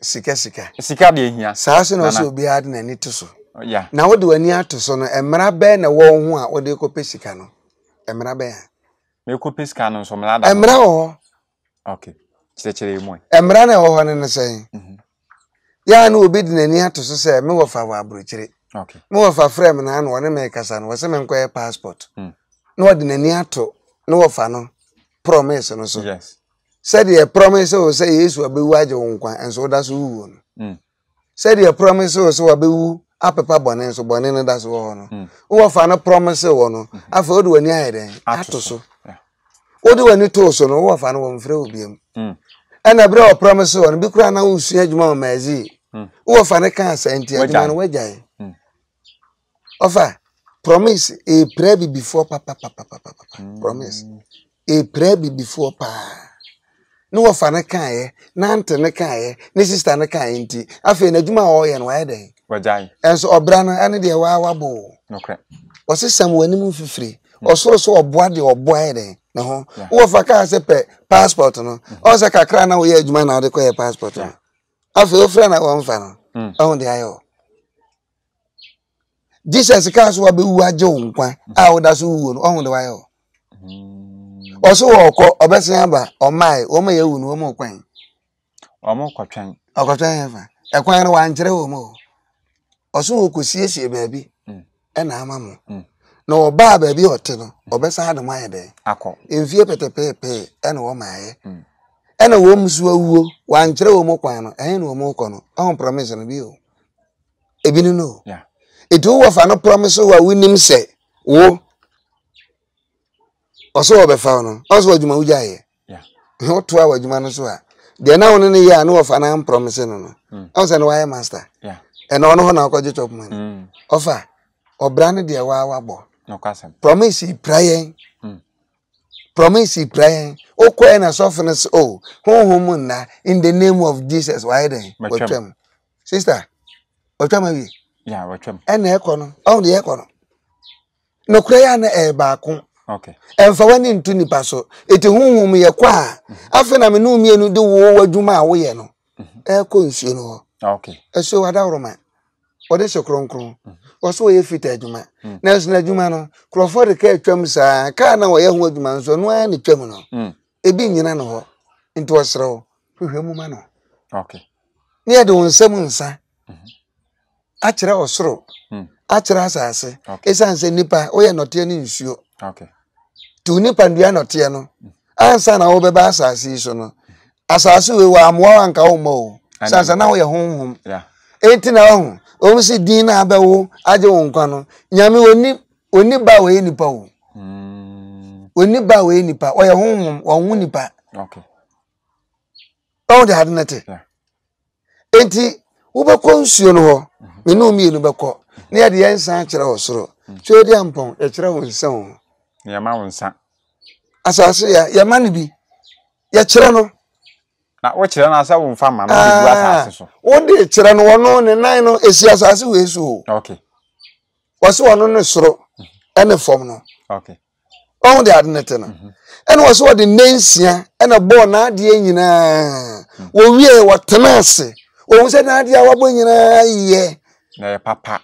sika sika sika de ehia saa so na ɔsɛ obiara de n'ani to so yeah. na wode w'ani ato so no mmara bɛɛ na wɔn ho a wode kɔpɛ sika no mmara bɛɛ a mekɔpɛ sika no nso mmara da mmara wɔ hɔ okay kyerɛkyerɛ mu mmara na ɛwɔ hɔ no no sɛn mhm. yɛa obi de n'ani ato so sɛ mewɔ fa wɔ aburokyire ma wɔfa frɛ me naa na wɔne me kasa no wɔsɛ me nkɔyɛ passport No wɔde n'ani ato na wɔfa no promise no so sɛdeɛ promise wo sɛ Yes. abɛwu agye wo nkwa nso woda hmm. hmm. hmm. so wuwo no sɛdeɛ promise wo sɛ wabɛwu apepa bɔne nso bɔne no da so wɔ hɔ no wɔfa no promise wɔ no afei wode w'ani ayɛ dɛn ato so wode w'ani too so no wɔfa no wɔmfrɛ wo biam ɛna berɛ wɔ promise wɔ no bi koraa na wosua adwuma wɔ maazii wɔfa no kaa sɛ nti adwuma no Offer, promise, a prayer be before papa, papa, papa, papa. Mm. Promise. A prayer be before pa. No offer na kan ye, na ante na kan ye, ne sister na kan nti. Afi na dwuma wo ye no waye den. Enso obra ane de wa wa bo. Nokre. Osesam wanim fifiri. Osoro Oso oboa de oboa ye den. Na ho. Wo offer ka se pe passport no. O mm. se kakra na wo ye dwuma na wo de ko ye passport no. Afi ofra na wo mfa no. Mm. Oh de ayo. jisọs ka asụwa bụ iwu aja nkwa a ụdasụ uwo ọhụrụ ya ọkọ ya ba ọmai ọmụ ya ọmụ kwan ọmụ ya fa ẹkwan o ọsụwa ọkọ siesie baabi ẹna hmm. ama mụ hmm. na ọbaa baabi ọtị no ọbesa hmm. adịm ayọ dị mfie pẹtẹpẹpẹ ẹna ọma ayẹ ẹna wọn mu kwan na wọn kọ no ọhụ promise no bi ebi ɛti wowɔ fa no prɔm so wɔ a wonim sɛ wo ɔsɛ wɔbɛfa wo no ɔsɛ wɔadwuma wogyaeɛ wotoa wɔ adwuma no so a deɛ na wo no no yɛ a ne wɔfa no amprɔm hmm. se no no ɔwo sɛ ne woayɛ master ɛna ɔno hɔ na wokɔgye tɔp ma no ɔfa ɔbra no deɛ waa wabɔ promise pra yɛn promise pra yɛn wokɔɛ na sɔfo no sɛ o honhom mu nna in the name of jesus waayɛ dɛn wɔtwam sister ɔtwam awie ɛna ɛkɔ no ɔn deɛ ɛkɔ no nokura yɛ ana ɛyɛ baako ɛnfa w'ani ntu nipa so eti huhum yɛ kɔ a mhm. afei na menu mmienu de wo w'adwuma a woyɛ no ɛkɔ mhm. nsuo no hɔ ɛso ah, wadawuroma wɔde hyɛ kronkron mhm. wɔso wɔyɛ fita adwuma mm. na ɛso n'adwuma no kurɔfoɔ de kaa atwam saa kaa na wɔyɛ ho adwuma nso no ara na twam no mm. ebi nyina no hɔ nti wɔsrɛ hwehwɛ mu ma no ne yɛde wɔn nsam nsa. akyerɛ ɔsoro hmm. akyerɛ asase ɛsiane sɛ nipa woyɛ nɔteɛ ne nsuo tu nipa nnua nɔteɛ no ansa na wobɛba asase yi so no asase wei wɔ amoa wo anka woma o sansa na woyɛ honhom ɛnti na wahu ɔmu sɛ din no abɛwo agye wo nkwa no nyame ɔni ba wɔyɛ nipa o ɔni hmm. ba wɔyɛ nipa ɔyɛ honhom wɔnwo nipa ɔwode ade no te enti wobɛkɔ nsuo no hɔ hmm. me no mmienu bɛkɔ na yɛde yɛn nsa akyerɛ wɔ soro mm. so yɛde ampɔn yɛkyerɛ wɔ nsa wɔ yɛma wɔ nsa asase yɛ yɛma no bi yɛkyerɛ no na wokyerɛ no asɛ womfa ma no gu ah, asase so wode kyerɛ no wɔno ne nan no ɛsi asase wei so o wɔse wɔno ne soro mhm. ɛne fam no ɔho de ade ne te no mhm. ɛne wɔ sɛ wɔde nansia ɛna bɔɔ n'adeɛ nyinaa mhm. wɔwie wɔtena ase wɔhu sɛ n'adeɛ a wɔabɔ nyinaa yɛ na yɛ papa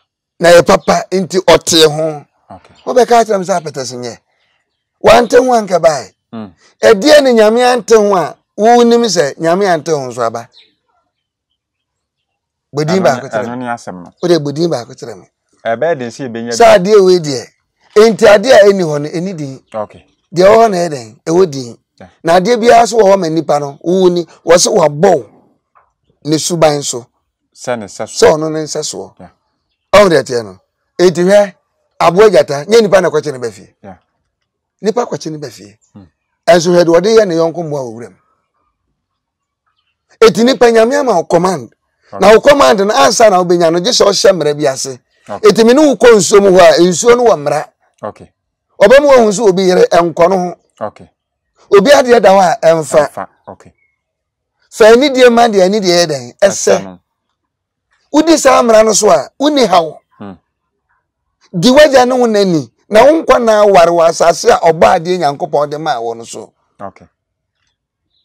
na yɛ papa nti ɔte ho wobɛka akyerɛ m sɛ apɛtɛse nyɛ wante ho anka bae mm. ɛdeɛ ne nyame ante ho a wonim sɛ nyame ante ho nso aba bodin baako kyerɛ me wode bodin baako kyerɛ me sɛ adeɛ wei deɛ enti adeɛ a ɛni hɔ no ɛni din deɛ ɛwɔ hɔ na ɛyɛ dɛn ɛwɔ din na adeɛ biara so wɔ ma nnipa no wowu ni wɔ se wabɔ ne suban so sɛ ɔno ne nsɛ soɔ ɔn deɛ teɛ no enti hwɛ aboa gyata nyɛ nipa na kɔkye ne bɛ fie nipa kɔkye ne bɛ fie hmm. ɛnso hwɛ de ɔde yɛ ne yɔnko mmoa wɔ wuram eti nipa nyame ama wo command na wo command no ansa na wobɛnya no gye sɛ ɔhyɛ mmara bi ase eti me ne wo kɔ nsuo mu hɔ a nsuo no wɔ mmara ɔbɛmu wahu sɛ obi yere ɛnkɔ no ho obi adeɛ da hɔ a ɛmfa fa ani deɛ ma deɛ ani deɛ yɛ dɛn ɛsɛ ụdị saa amara no so a wonni haw hmm. di wagya ne wo n'ani na wo nkwa na aware wɔ asase a ɔbɔ adeɛ nyankopɔn de maa wo no so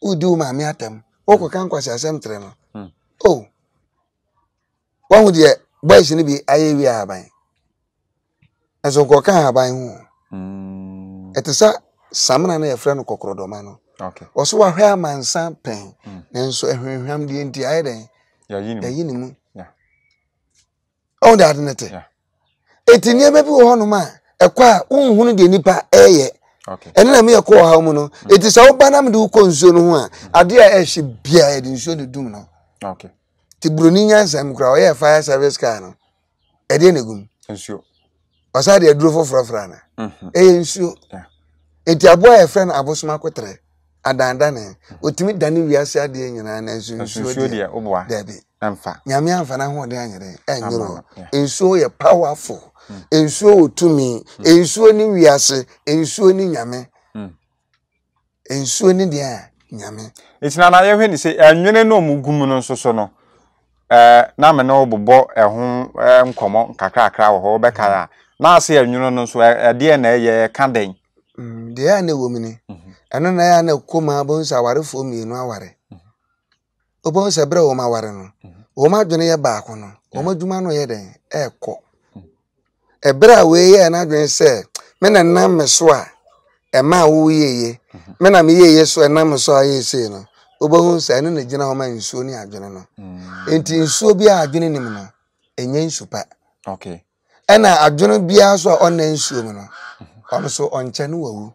wodi wo maame atam wokɔka nkwasi asɛm tere no hmm. o oh. wahu deɛ boys no bi ayɛ wi ahaban ɛnso nkɔka ahaban ho hmm. ɛte sɛ samina no yɛfrɛ no kɔkorɔdɔma no ɔso wahwɛ amansa pɛn nanso ahwehwam deɛ nti ayɛ dɛn yɛyi ne mu ɔn de adị n'ete te eti nneɛma bi wɔ hɔnom a ɛkɔ a nhunu deɛ nipa ɛɛyɛ ɛne na meyɛ kɔ wɔ ha mu no mm. eti sa sɛ woba m dị wokɔ nsuo no ho a mm. adeɛ a ɛhyɛ biara yɛde nsuo de dum buru te buroni nyansɛm koraa ɔyɛ fire service car no ɛdeɛ na m ɔsa de aduro foforɔ fora na mm-hmm. ɛyɛ nsuo eti aboa yɛfrɛ na abosoma kotere. adanadane hmm. otumi dane wiase adeɛ nyinaa na nso nsuo deɛ woboa daabi ɛmfa nyame amfa no ahoɔden anyerɛ ɛnyere hɔ nsuo yɛ powerful hmm. nsuo wɔ tumi hmm. nsuo ne wiase nsuo ne nyame nsuo ne deɛ a nyame nti na na yɛhwɛ ne sɛ ɛnwene no ɔmo gu mu no nso so no ɛɛ na me ne wobobɔ ɛho ɛɛ nkɔmɔ nkakrakra wɔ hɔ wɔbɛkae a na ase ɛnwene no nso ɛdeɛ na ɛyɛ ɛka dɛn deɛ a na ɛwɔ mu ni. ɛno na ɛyɛ na kom a bɛhu sɛ awarefoɔ mmienu aware wobɛhu sɛ berɛ wɔm aware no wɔm adwene yɛ baako no wɔm adwuma no yɛ dɛn ɛɛkɔ ɛberɛ a wei yɛ n'adwene sɛ me na nam me so a ɛma a woyɛyɛ me na meyɛyɛ so ɛnam me so a yɛ sei no wobɛhu sɛ ɛno na gyina hɔ ma nsuo ne adwene no nti nsuo bi adwene nim no ɛnyɛ nsu pa ɛna adwene biara so a ɔnna nsuo mu no ɔno so ɔnkyɛ no wawu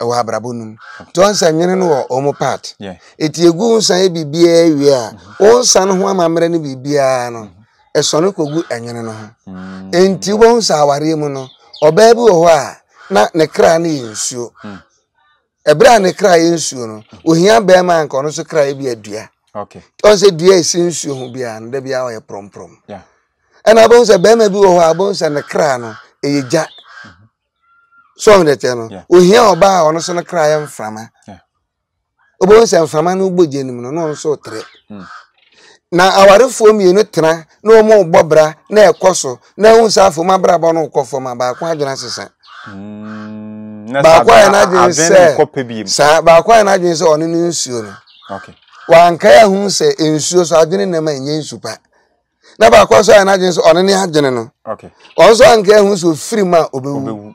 ɛwɔ abrabɔ nu mu tí wọn nsa nyere no wɔ wɔn part eti egu nsa yɛ biribiara wie a wɔn mm-hmm. nsa no ho amammerɛ no biribiara no mm-hmm. ɛsɔne kogu ɛnyere no ho mm. nti wɔn awareɛ mu no ɔbaa bi wɔ hɔ a na ne kra no yɛ nsuo mm. ɛbere a ne kra yɛ nsuo no ohia barima a nka ɔno nso kra yɛ bi adua ɔn sɛ dua esi nsuo ho biara no dɛbi a ɔyɛ prɔmprɔm ɛna abɔn sɛ bi wɔ hɔ a abɔn ne kra no ɛyɛ gya so n dete no ohia ọba a ọno so no kra ya mframa obo se mframa no gbo je nim no no so tre hmm. na awarefoɔ mmienu tena na ɔmo bɔ bra na ɛkɔ so na ɛho nsa afom abrabɔ no kɔ fam a baako adwene asesa hmm. baako ayɛ n'adwene sɛ saa baako na n'adwene sɛ ɔne ni nsuo no wanka ya ho sɛ nsuo so adwene nam a ɛnyɛ nsu pa na baako nso ayɛ n'adwene sɛ ɔne ne adwene no ɔno nso anka yɛ ho sɛ ofiri mu a obewu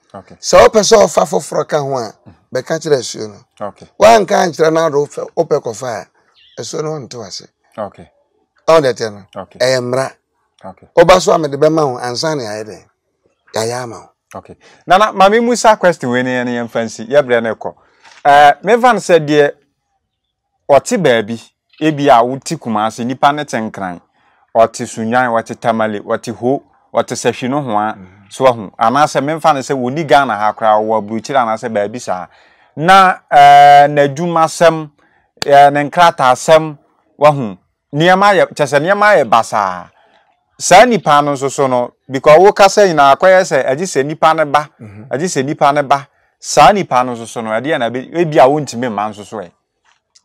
Saa wopɛ sɛ ɔfa foforɔ ka ho a mhm. bɛka kyerɛ asuo no woanka nkyerɛ no ado wopɛ kɔfa a asuo no wonte wase ɔdɛtɛ no ɛyɛ mmara woba so a mede bɛma ho ansa ne ayɛ dɛn yɛayɛ ama ho nana ma memu saa question wei ne yɛne yɛmfa nsi yɛbrɛ no kɔ mefa no sɛ deɛ ɔte baabi ebi a wote kumase nipa ne te nkran ɔte sunyan ɔte tamale ɔte ho ɔte sɛhwe no ho a mm -hmm. so ahu anaasɛ memfa no sɛ wɔni ghana ha koraa wɔ aburokyiri anaasɛ baabi saa na ɛɛ eh, n'adwumasɛm ɛɛ eh, ne nkrataasɛm wahu nneɛma ayɛ kyɛ sɛ nneɛma ayɛ basaa saa nipa no nso so no because wokasa nyinaa akɔyɛ sɛ agye sɛ nipa ne ba agye mhm. sɛ nipa ne ba saa nipa no nso so no ɛdeɛ na ebi a wontumi mma nso so ɛ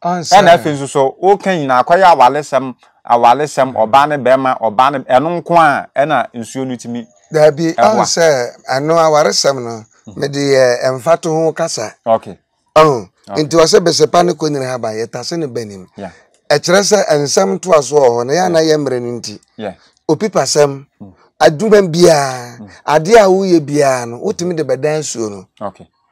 ɛna afei nso so woka nyinaa akɔyɛ awalesɛm awalesɛm ɔbaa ne bɛrima ɔbaa ne ɛno nko a ɛna nsuo no tumi daabi an sɛ ɛno awaresɛm no hmm. mede yɛ eh, ɛmfa casa ho kasa nti ɔsɛ bɛsɛpa ne kɔ nyina haba yɛtase ne banim ɛkyerɛ sɛ ɛnsɛm toa so wɔ hɔ na yɛana yɛ mmerɛ no nti opipasɛm hmm. adwuma biara hmm. adeɛ a woyɛ biara no wotumi de bɛdan suo no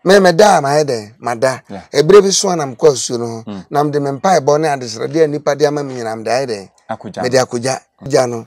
mɛmɛda a maayɛ dɛn mada ɛberɛ bi so a nam kɔ asuo no ho na mede me mpaebɔ ne adesrɛdeɛ a nnipa de ama me nyinam de ayɛ dɛn mede cuja gya no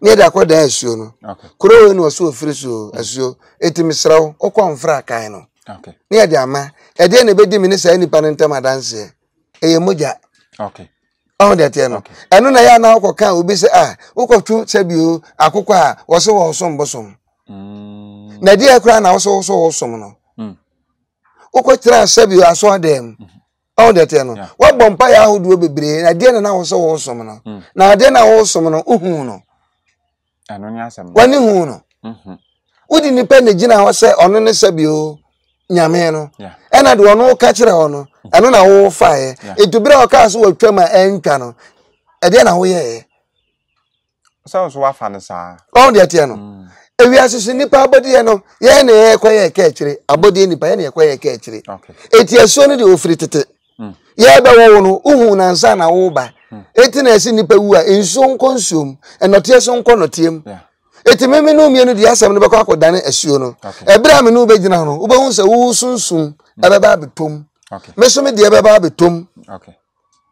ne yɛde e akɔ dan asuo no kuro wei na ɔso ofiri so asuo eti misra wo ɔkɔ nfra kan no ne yɛde ama ɛdeɛ na ebedi mi ne saa nipa no ntam adanseɛ ɛyɛ mogya ɔho deɛ teɛ no ɛno na yɛ anan kɔ kan obi sɛ a wokɔtwo sɛbio akokɔ a wɔsɛ wɔ ɔsom bosom na deɛ koraa na wɔsɛ wɔsɛ wɔsom no wokɔtera sɛbio asɔɔdɛm ɔn de teɛ no wabɔ mpa yɛ ahodoɔ bebree na deɛ na na wɔsɛ wɔsom no mm. na adeɛ na wɔsom no ohun no w'ani hu no wodi nipa na gyina hɔ sɛ ɔno ne sɛ bio nyame no ɛna de ɔno ka kyerɛ hɔ no mm. ɛno na wofaeɛ ɛtu berɛ a ɔkaa so wɔatwa ma ɛntwa no ɛdeɛ na woyɛɛ sɛ so wafa no saa ɔho deɛ teɛ no mm. ewiase so nipa abɔdeɛ no yɛn na yɛn kɔ yɛ kɛɛkyire abɔdeɛ nipa yɛn na yɛ kɔ yɛ kɛɛkyire eti asuo no deɛ ofiri tete mm. yɛn bɛ wɔwɔ no uhu nansa na wɔba Hmm. eti na ɛsi nipa wu a nsuo nkɔ nsuo mu ɛnɔteɛ so nkɔ nɔteɛ mu eti mímí nu mmienu di asɛm no bɛkɔ akɔdane asuo no ɛbere a mi nu bɛgyina ho wobɛhu sɛ wuhu sunsun ɛbɛba hmm. abɛtom mɛsumi deɛ ɛbɛba abɛtom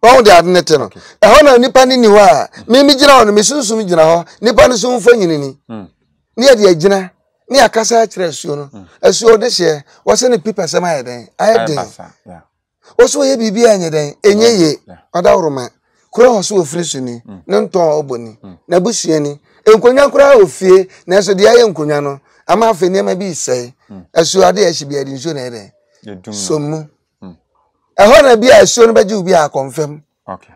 wọn de adi ne ti no ɛhɔ na nipa ni ni hɔ a mímí gyina hɔ no mi sunsun gyina hɔ nipa no so nfa nyinini hmm. ne yɛ de agyina ne yɛ akasa kyerɛ asuo no asuo de hyɛ wɔsɛ ne pipa sɛm ayɛ den ayɛ den wɔsɛ wɔyɛ biribi ayɛ den enye yie ɔda woroma. Kura hɔ so ofiri so ni ne ntɔn ɔbɔ ni n'abusua ni nkonnwa koraa ofie nanso deɛ ayɛ nkonnwa no ama afei nneɛma bi sɛe ɛso ade a ɛhyɛ bi ɛde nsuo na ɛdɛ so mu ɛhɔ na bi a ɛsuo no bɛgye obi a akɔnfɛm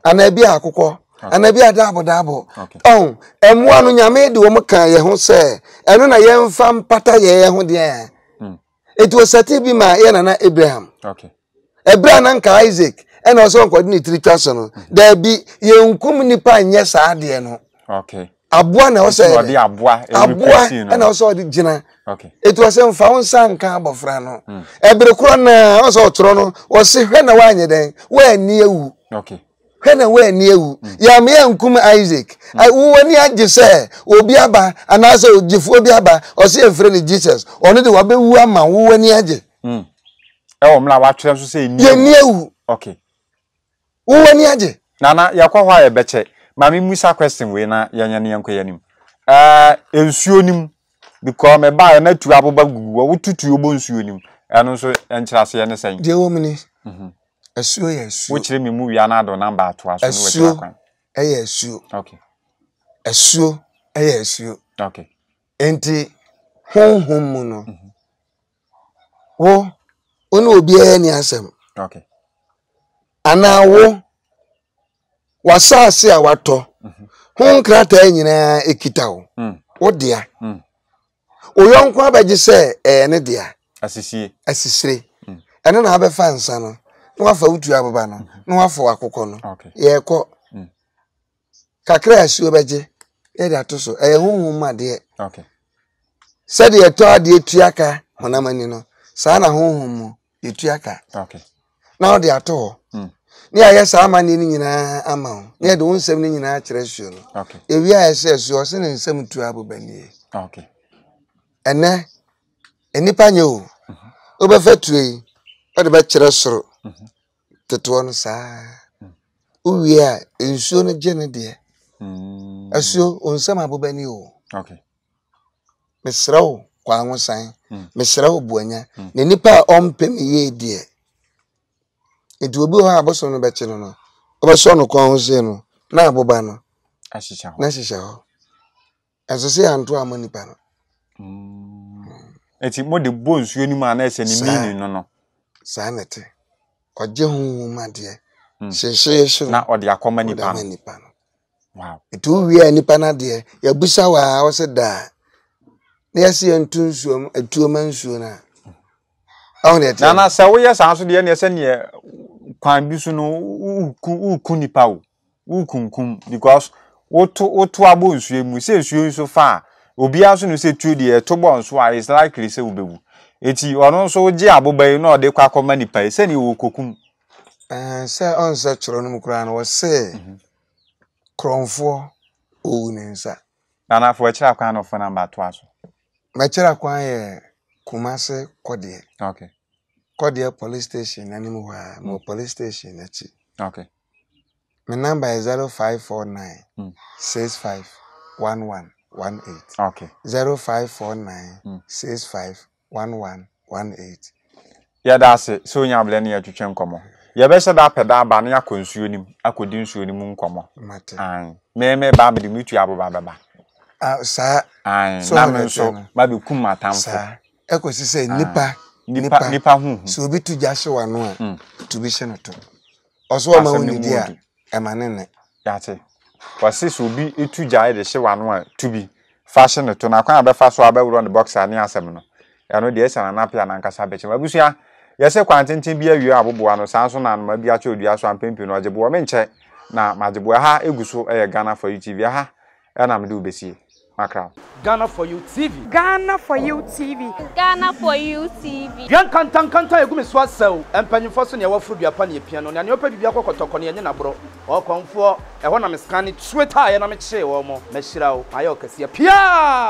anaa bi a akokɔ anaa bi a ɔn ɛmoa no nyame de wɔn ka yɛn ho sɛ ɛno na yɛnfa mpata yɛn ho deɛ hmm. etu osate bi ma yɛ nana abraham ɛbrɛ nanka isaac. e na ɔnkɔde ne tiri twa so no daabi yɛnkum nipa nyɛ saa adeɛ no aboa na ɔsɛ aboa na ɔsɛ ɔde gyina etu ɔsɛ nfa nsa nka abɔfra no hmm. ɛbere korɔ ɔsɛ no hwɛ na wanyɛ dɛn wɔani ewu hwɛ na wɔani ewu hmm. yàmi yɛnkum isaac hmm. agye sɛ obi aba anaasɛ obi aba efere ne jesus ɔno de wabɛwu ama agye. ɛwɔ nso sɛ wow'ani agye nana yɛkɔ hɔ eh, eh? mhm. a yɛbɛkyɛ maame musa question wei na yɛnyɛ ne yɛnkɔ yɛ anim nsuo n'im. mu because mɛbaa na tu aboba gugu hɔ wotutu obɔ nsuo no mu ɛno nso nkyerɛseɛ ne sɛn deɛ wɔ mu ni asuo yɛ asuo wokyerɛ me mu wia na adɔ namba atoa so ne wɔkyerɛ kwan ɛyɛ asuo okay asuo ɛyɛ asuo okay nti honhom mu no wo wo ne obiara ni asɛm okay Anawo, wo a watɔ mhm. ho nkrataa nyinaa ekita wo mm. wo dea mm. oyɔnko abɛgye sɛ ɛyɛ ne dea asisie asisire mm. ɛno na abɛfa nsa no na wafa wotu ababa no mm-hmm. na wafa wakokɔ no yɛrekɔ kakra asuo bɛgye yɛde ato so ɛyɛ honhom mu adeɛ sɛdeɛ ɛtɔ adeɛ tuaka honam ani no saa na honhom mu yɛtuaka na ɔde ato hɔ Ni ayɛ saa ama ne nyinaa ama wo ne yɛde wo nsɛm no nyinaa kyerɛ suo no ɛwie ayɛ sɛ suo ɔse ne nsɛm tu abobanie ɛnɛ nnipa nyɛ o mm-hmm. wobɛfa tue yi wode bɛkyerɛ soro teteɔ mm-hmm. no saa wowie a nsuo no gye ne deɛ mm. asuo ɔnsɛm abobani o mesrɛ wo kwanwosan mm. mesrɛ wo boanya mm. na nnipa a ɔmpɛ me yie deɛ nti obi wɔ hɔ a abosom no bɛkye no no ɔbɛsɔ no kɔn ho sei no na aboba no na hyehyɛ hɔ ɛsɛ sɛ yɛanto ama nnipa no hmm. nti mode bɔ nsuo no mu a na ɛsɛ ne mini no no saa na ɛte ɔgye honhom adeɛ hmm. hyehyɛ hye na ɔde akɔma nnipa no nnipa no ɛti wowie a nnipa no adeɛ yɛbusa wɔ a wɔ sɛ daa na yɛsɛ yɛnto nsuo atuoma nsuo no a hmm. ɔho deɛ ɛte na na sɛ woyɛ saa nso deɛ neɛ sɛneɛ kwan bi so no wuku wuku nipa o wukunkum because woto woto abɔ nsuo mu sɛ nsuo nso fa a obiara nso no sɛ tuo deɛ ɛto bɔ nso a it's likely sɛ wobɛwu eti ɔno nso gye aboba yi na ɔde kɔ akɔma nipa yi sɛnea wɔ kokum. ɛɛ sɛ ɔnsɛ twerɛ no mu koraa no wɔsɛ mhm. korɔnfoɔ owu ne nsa. nanafo ɛkyerɛ akwan na ɔfɔ namba ato aso. mɛkyerɛ akwan yɛ kumase kɔdeɛ. okay. Kodia police station anymore, mm. more police station echi. nine. My number is mm. one one eight. Okay. 0549 mm. one one Yeah, that's it. So you have learned to change come yɛbɛhyɛ da apɛ da aba ne akɔ nsuo nim akɔdi nsuo nim nkɔmɔ mɛmɛ ba mede metu aboba bɛba saa na me nso mabɛkum matamfo ɛkɔsi sɛ nnipa nipa ho hmm, hmm. sɛ obi to gya hyew ano a hmm. to bi hyɛ no to ɔso ɔma wo nidi a ɛma ne ne yate wɔse sɛ obi ɛtu gyae de hyew ano a to bi fa hye no to na kwan a bɛfa so a bɛworɔ ne boxer ne asɛm no ɛno deɛ ɛsɛ nanape a nankasa bɛkyɛm abusua yɛsɛ kwan tenten bi awie aboboa no saa nso na anoma bi akyɛ odua so ampempem no ɔgyeboɔ me nkyɛ na magyeboa ha ɛgu so ɛyɛ ghana for you tv aha ɛna mede wobɛsie Accra. Ghana for you TV. Ghana for you TV. Ghana for you TV. Yan kanta kanta egumi so asew. Empanyimfo so ne wafuru duapa ne pia no. Ne anopa bibia kokotoko ne nye nabro. Okonfo ehona me scan Twitter ye na me kye wo mo. Mashira wo. Ayo kase pia.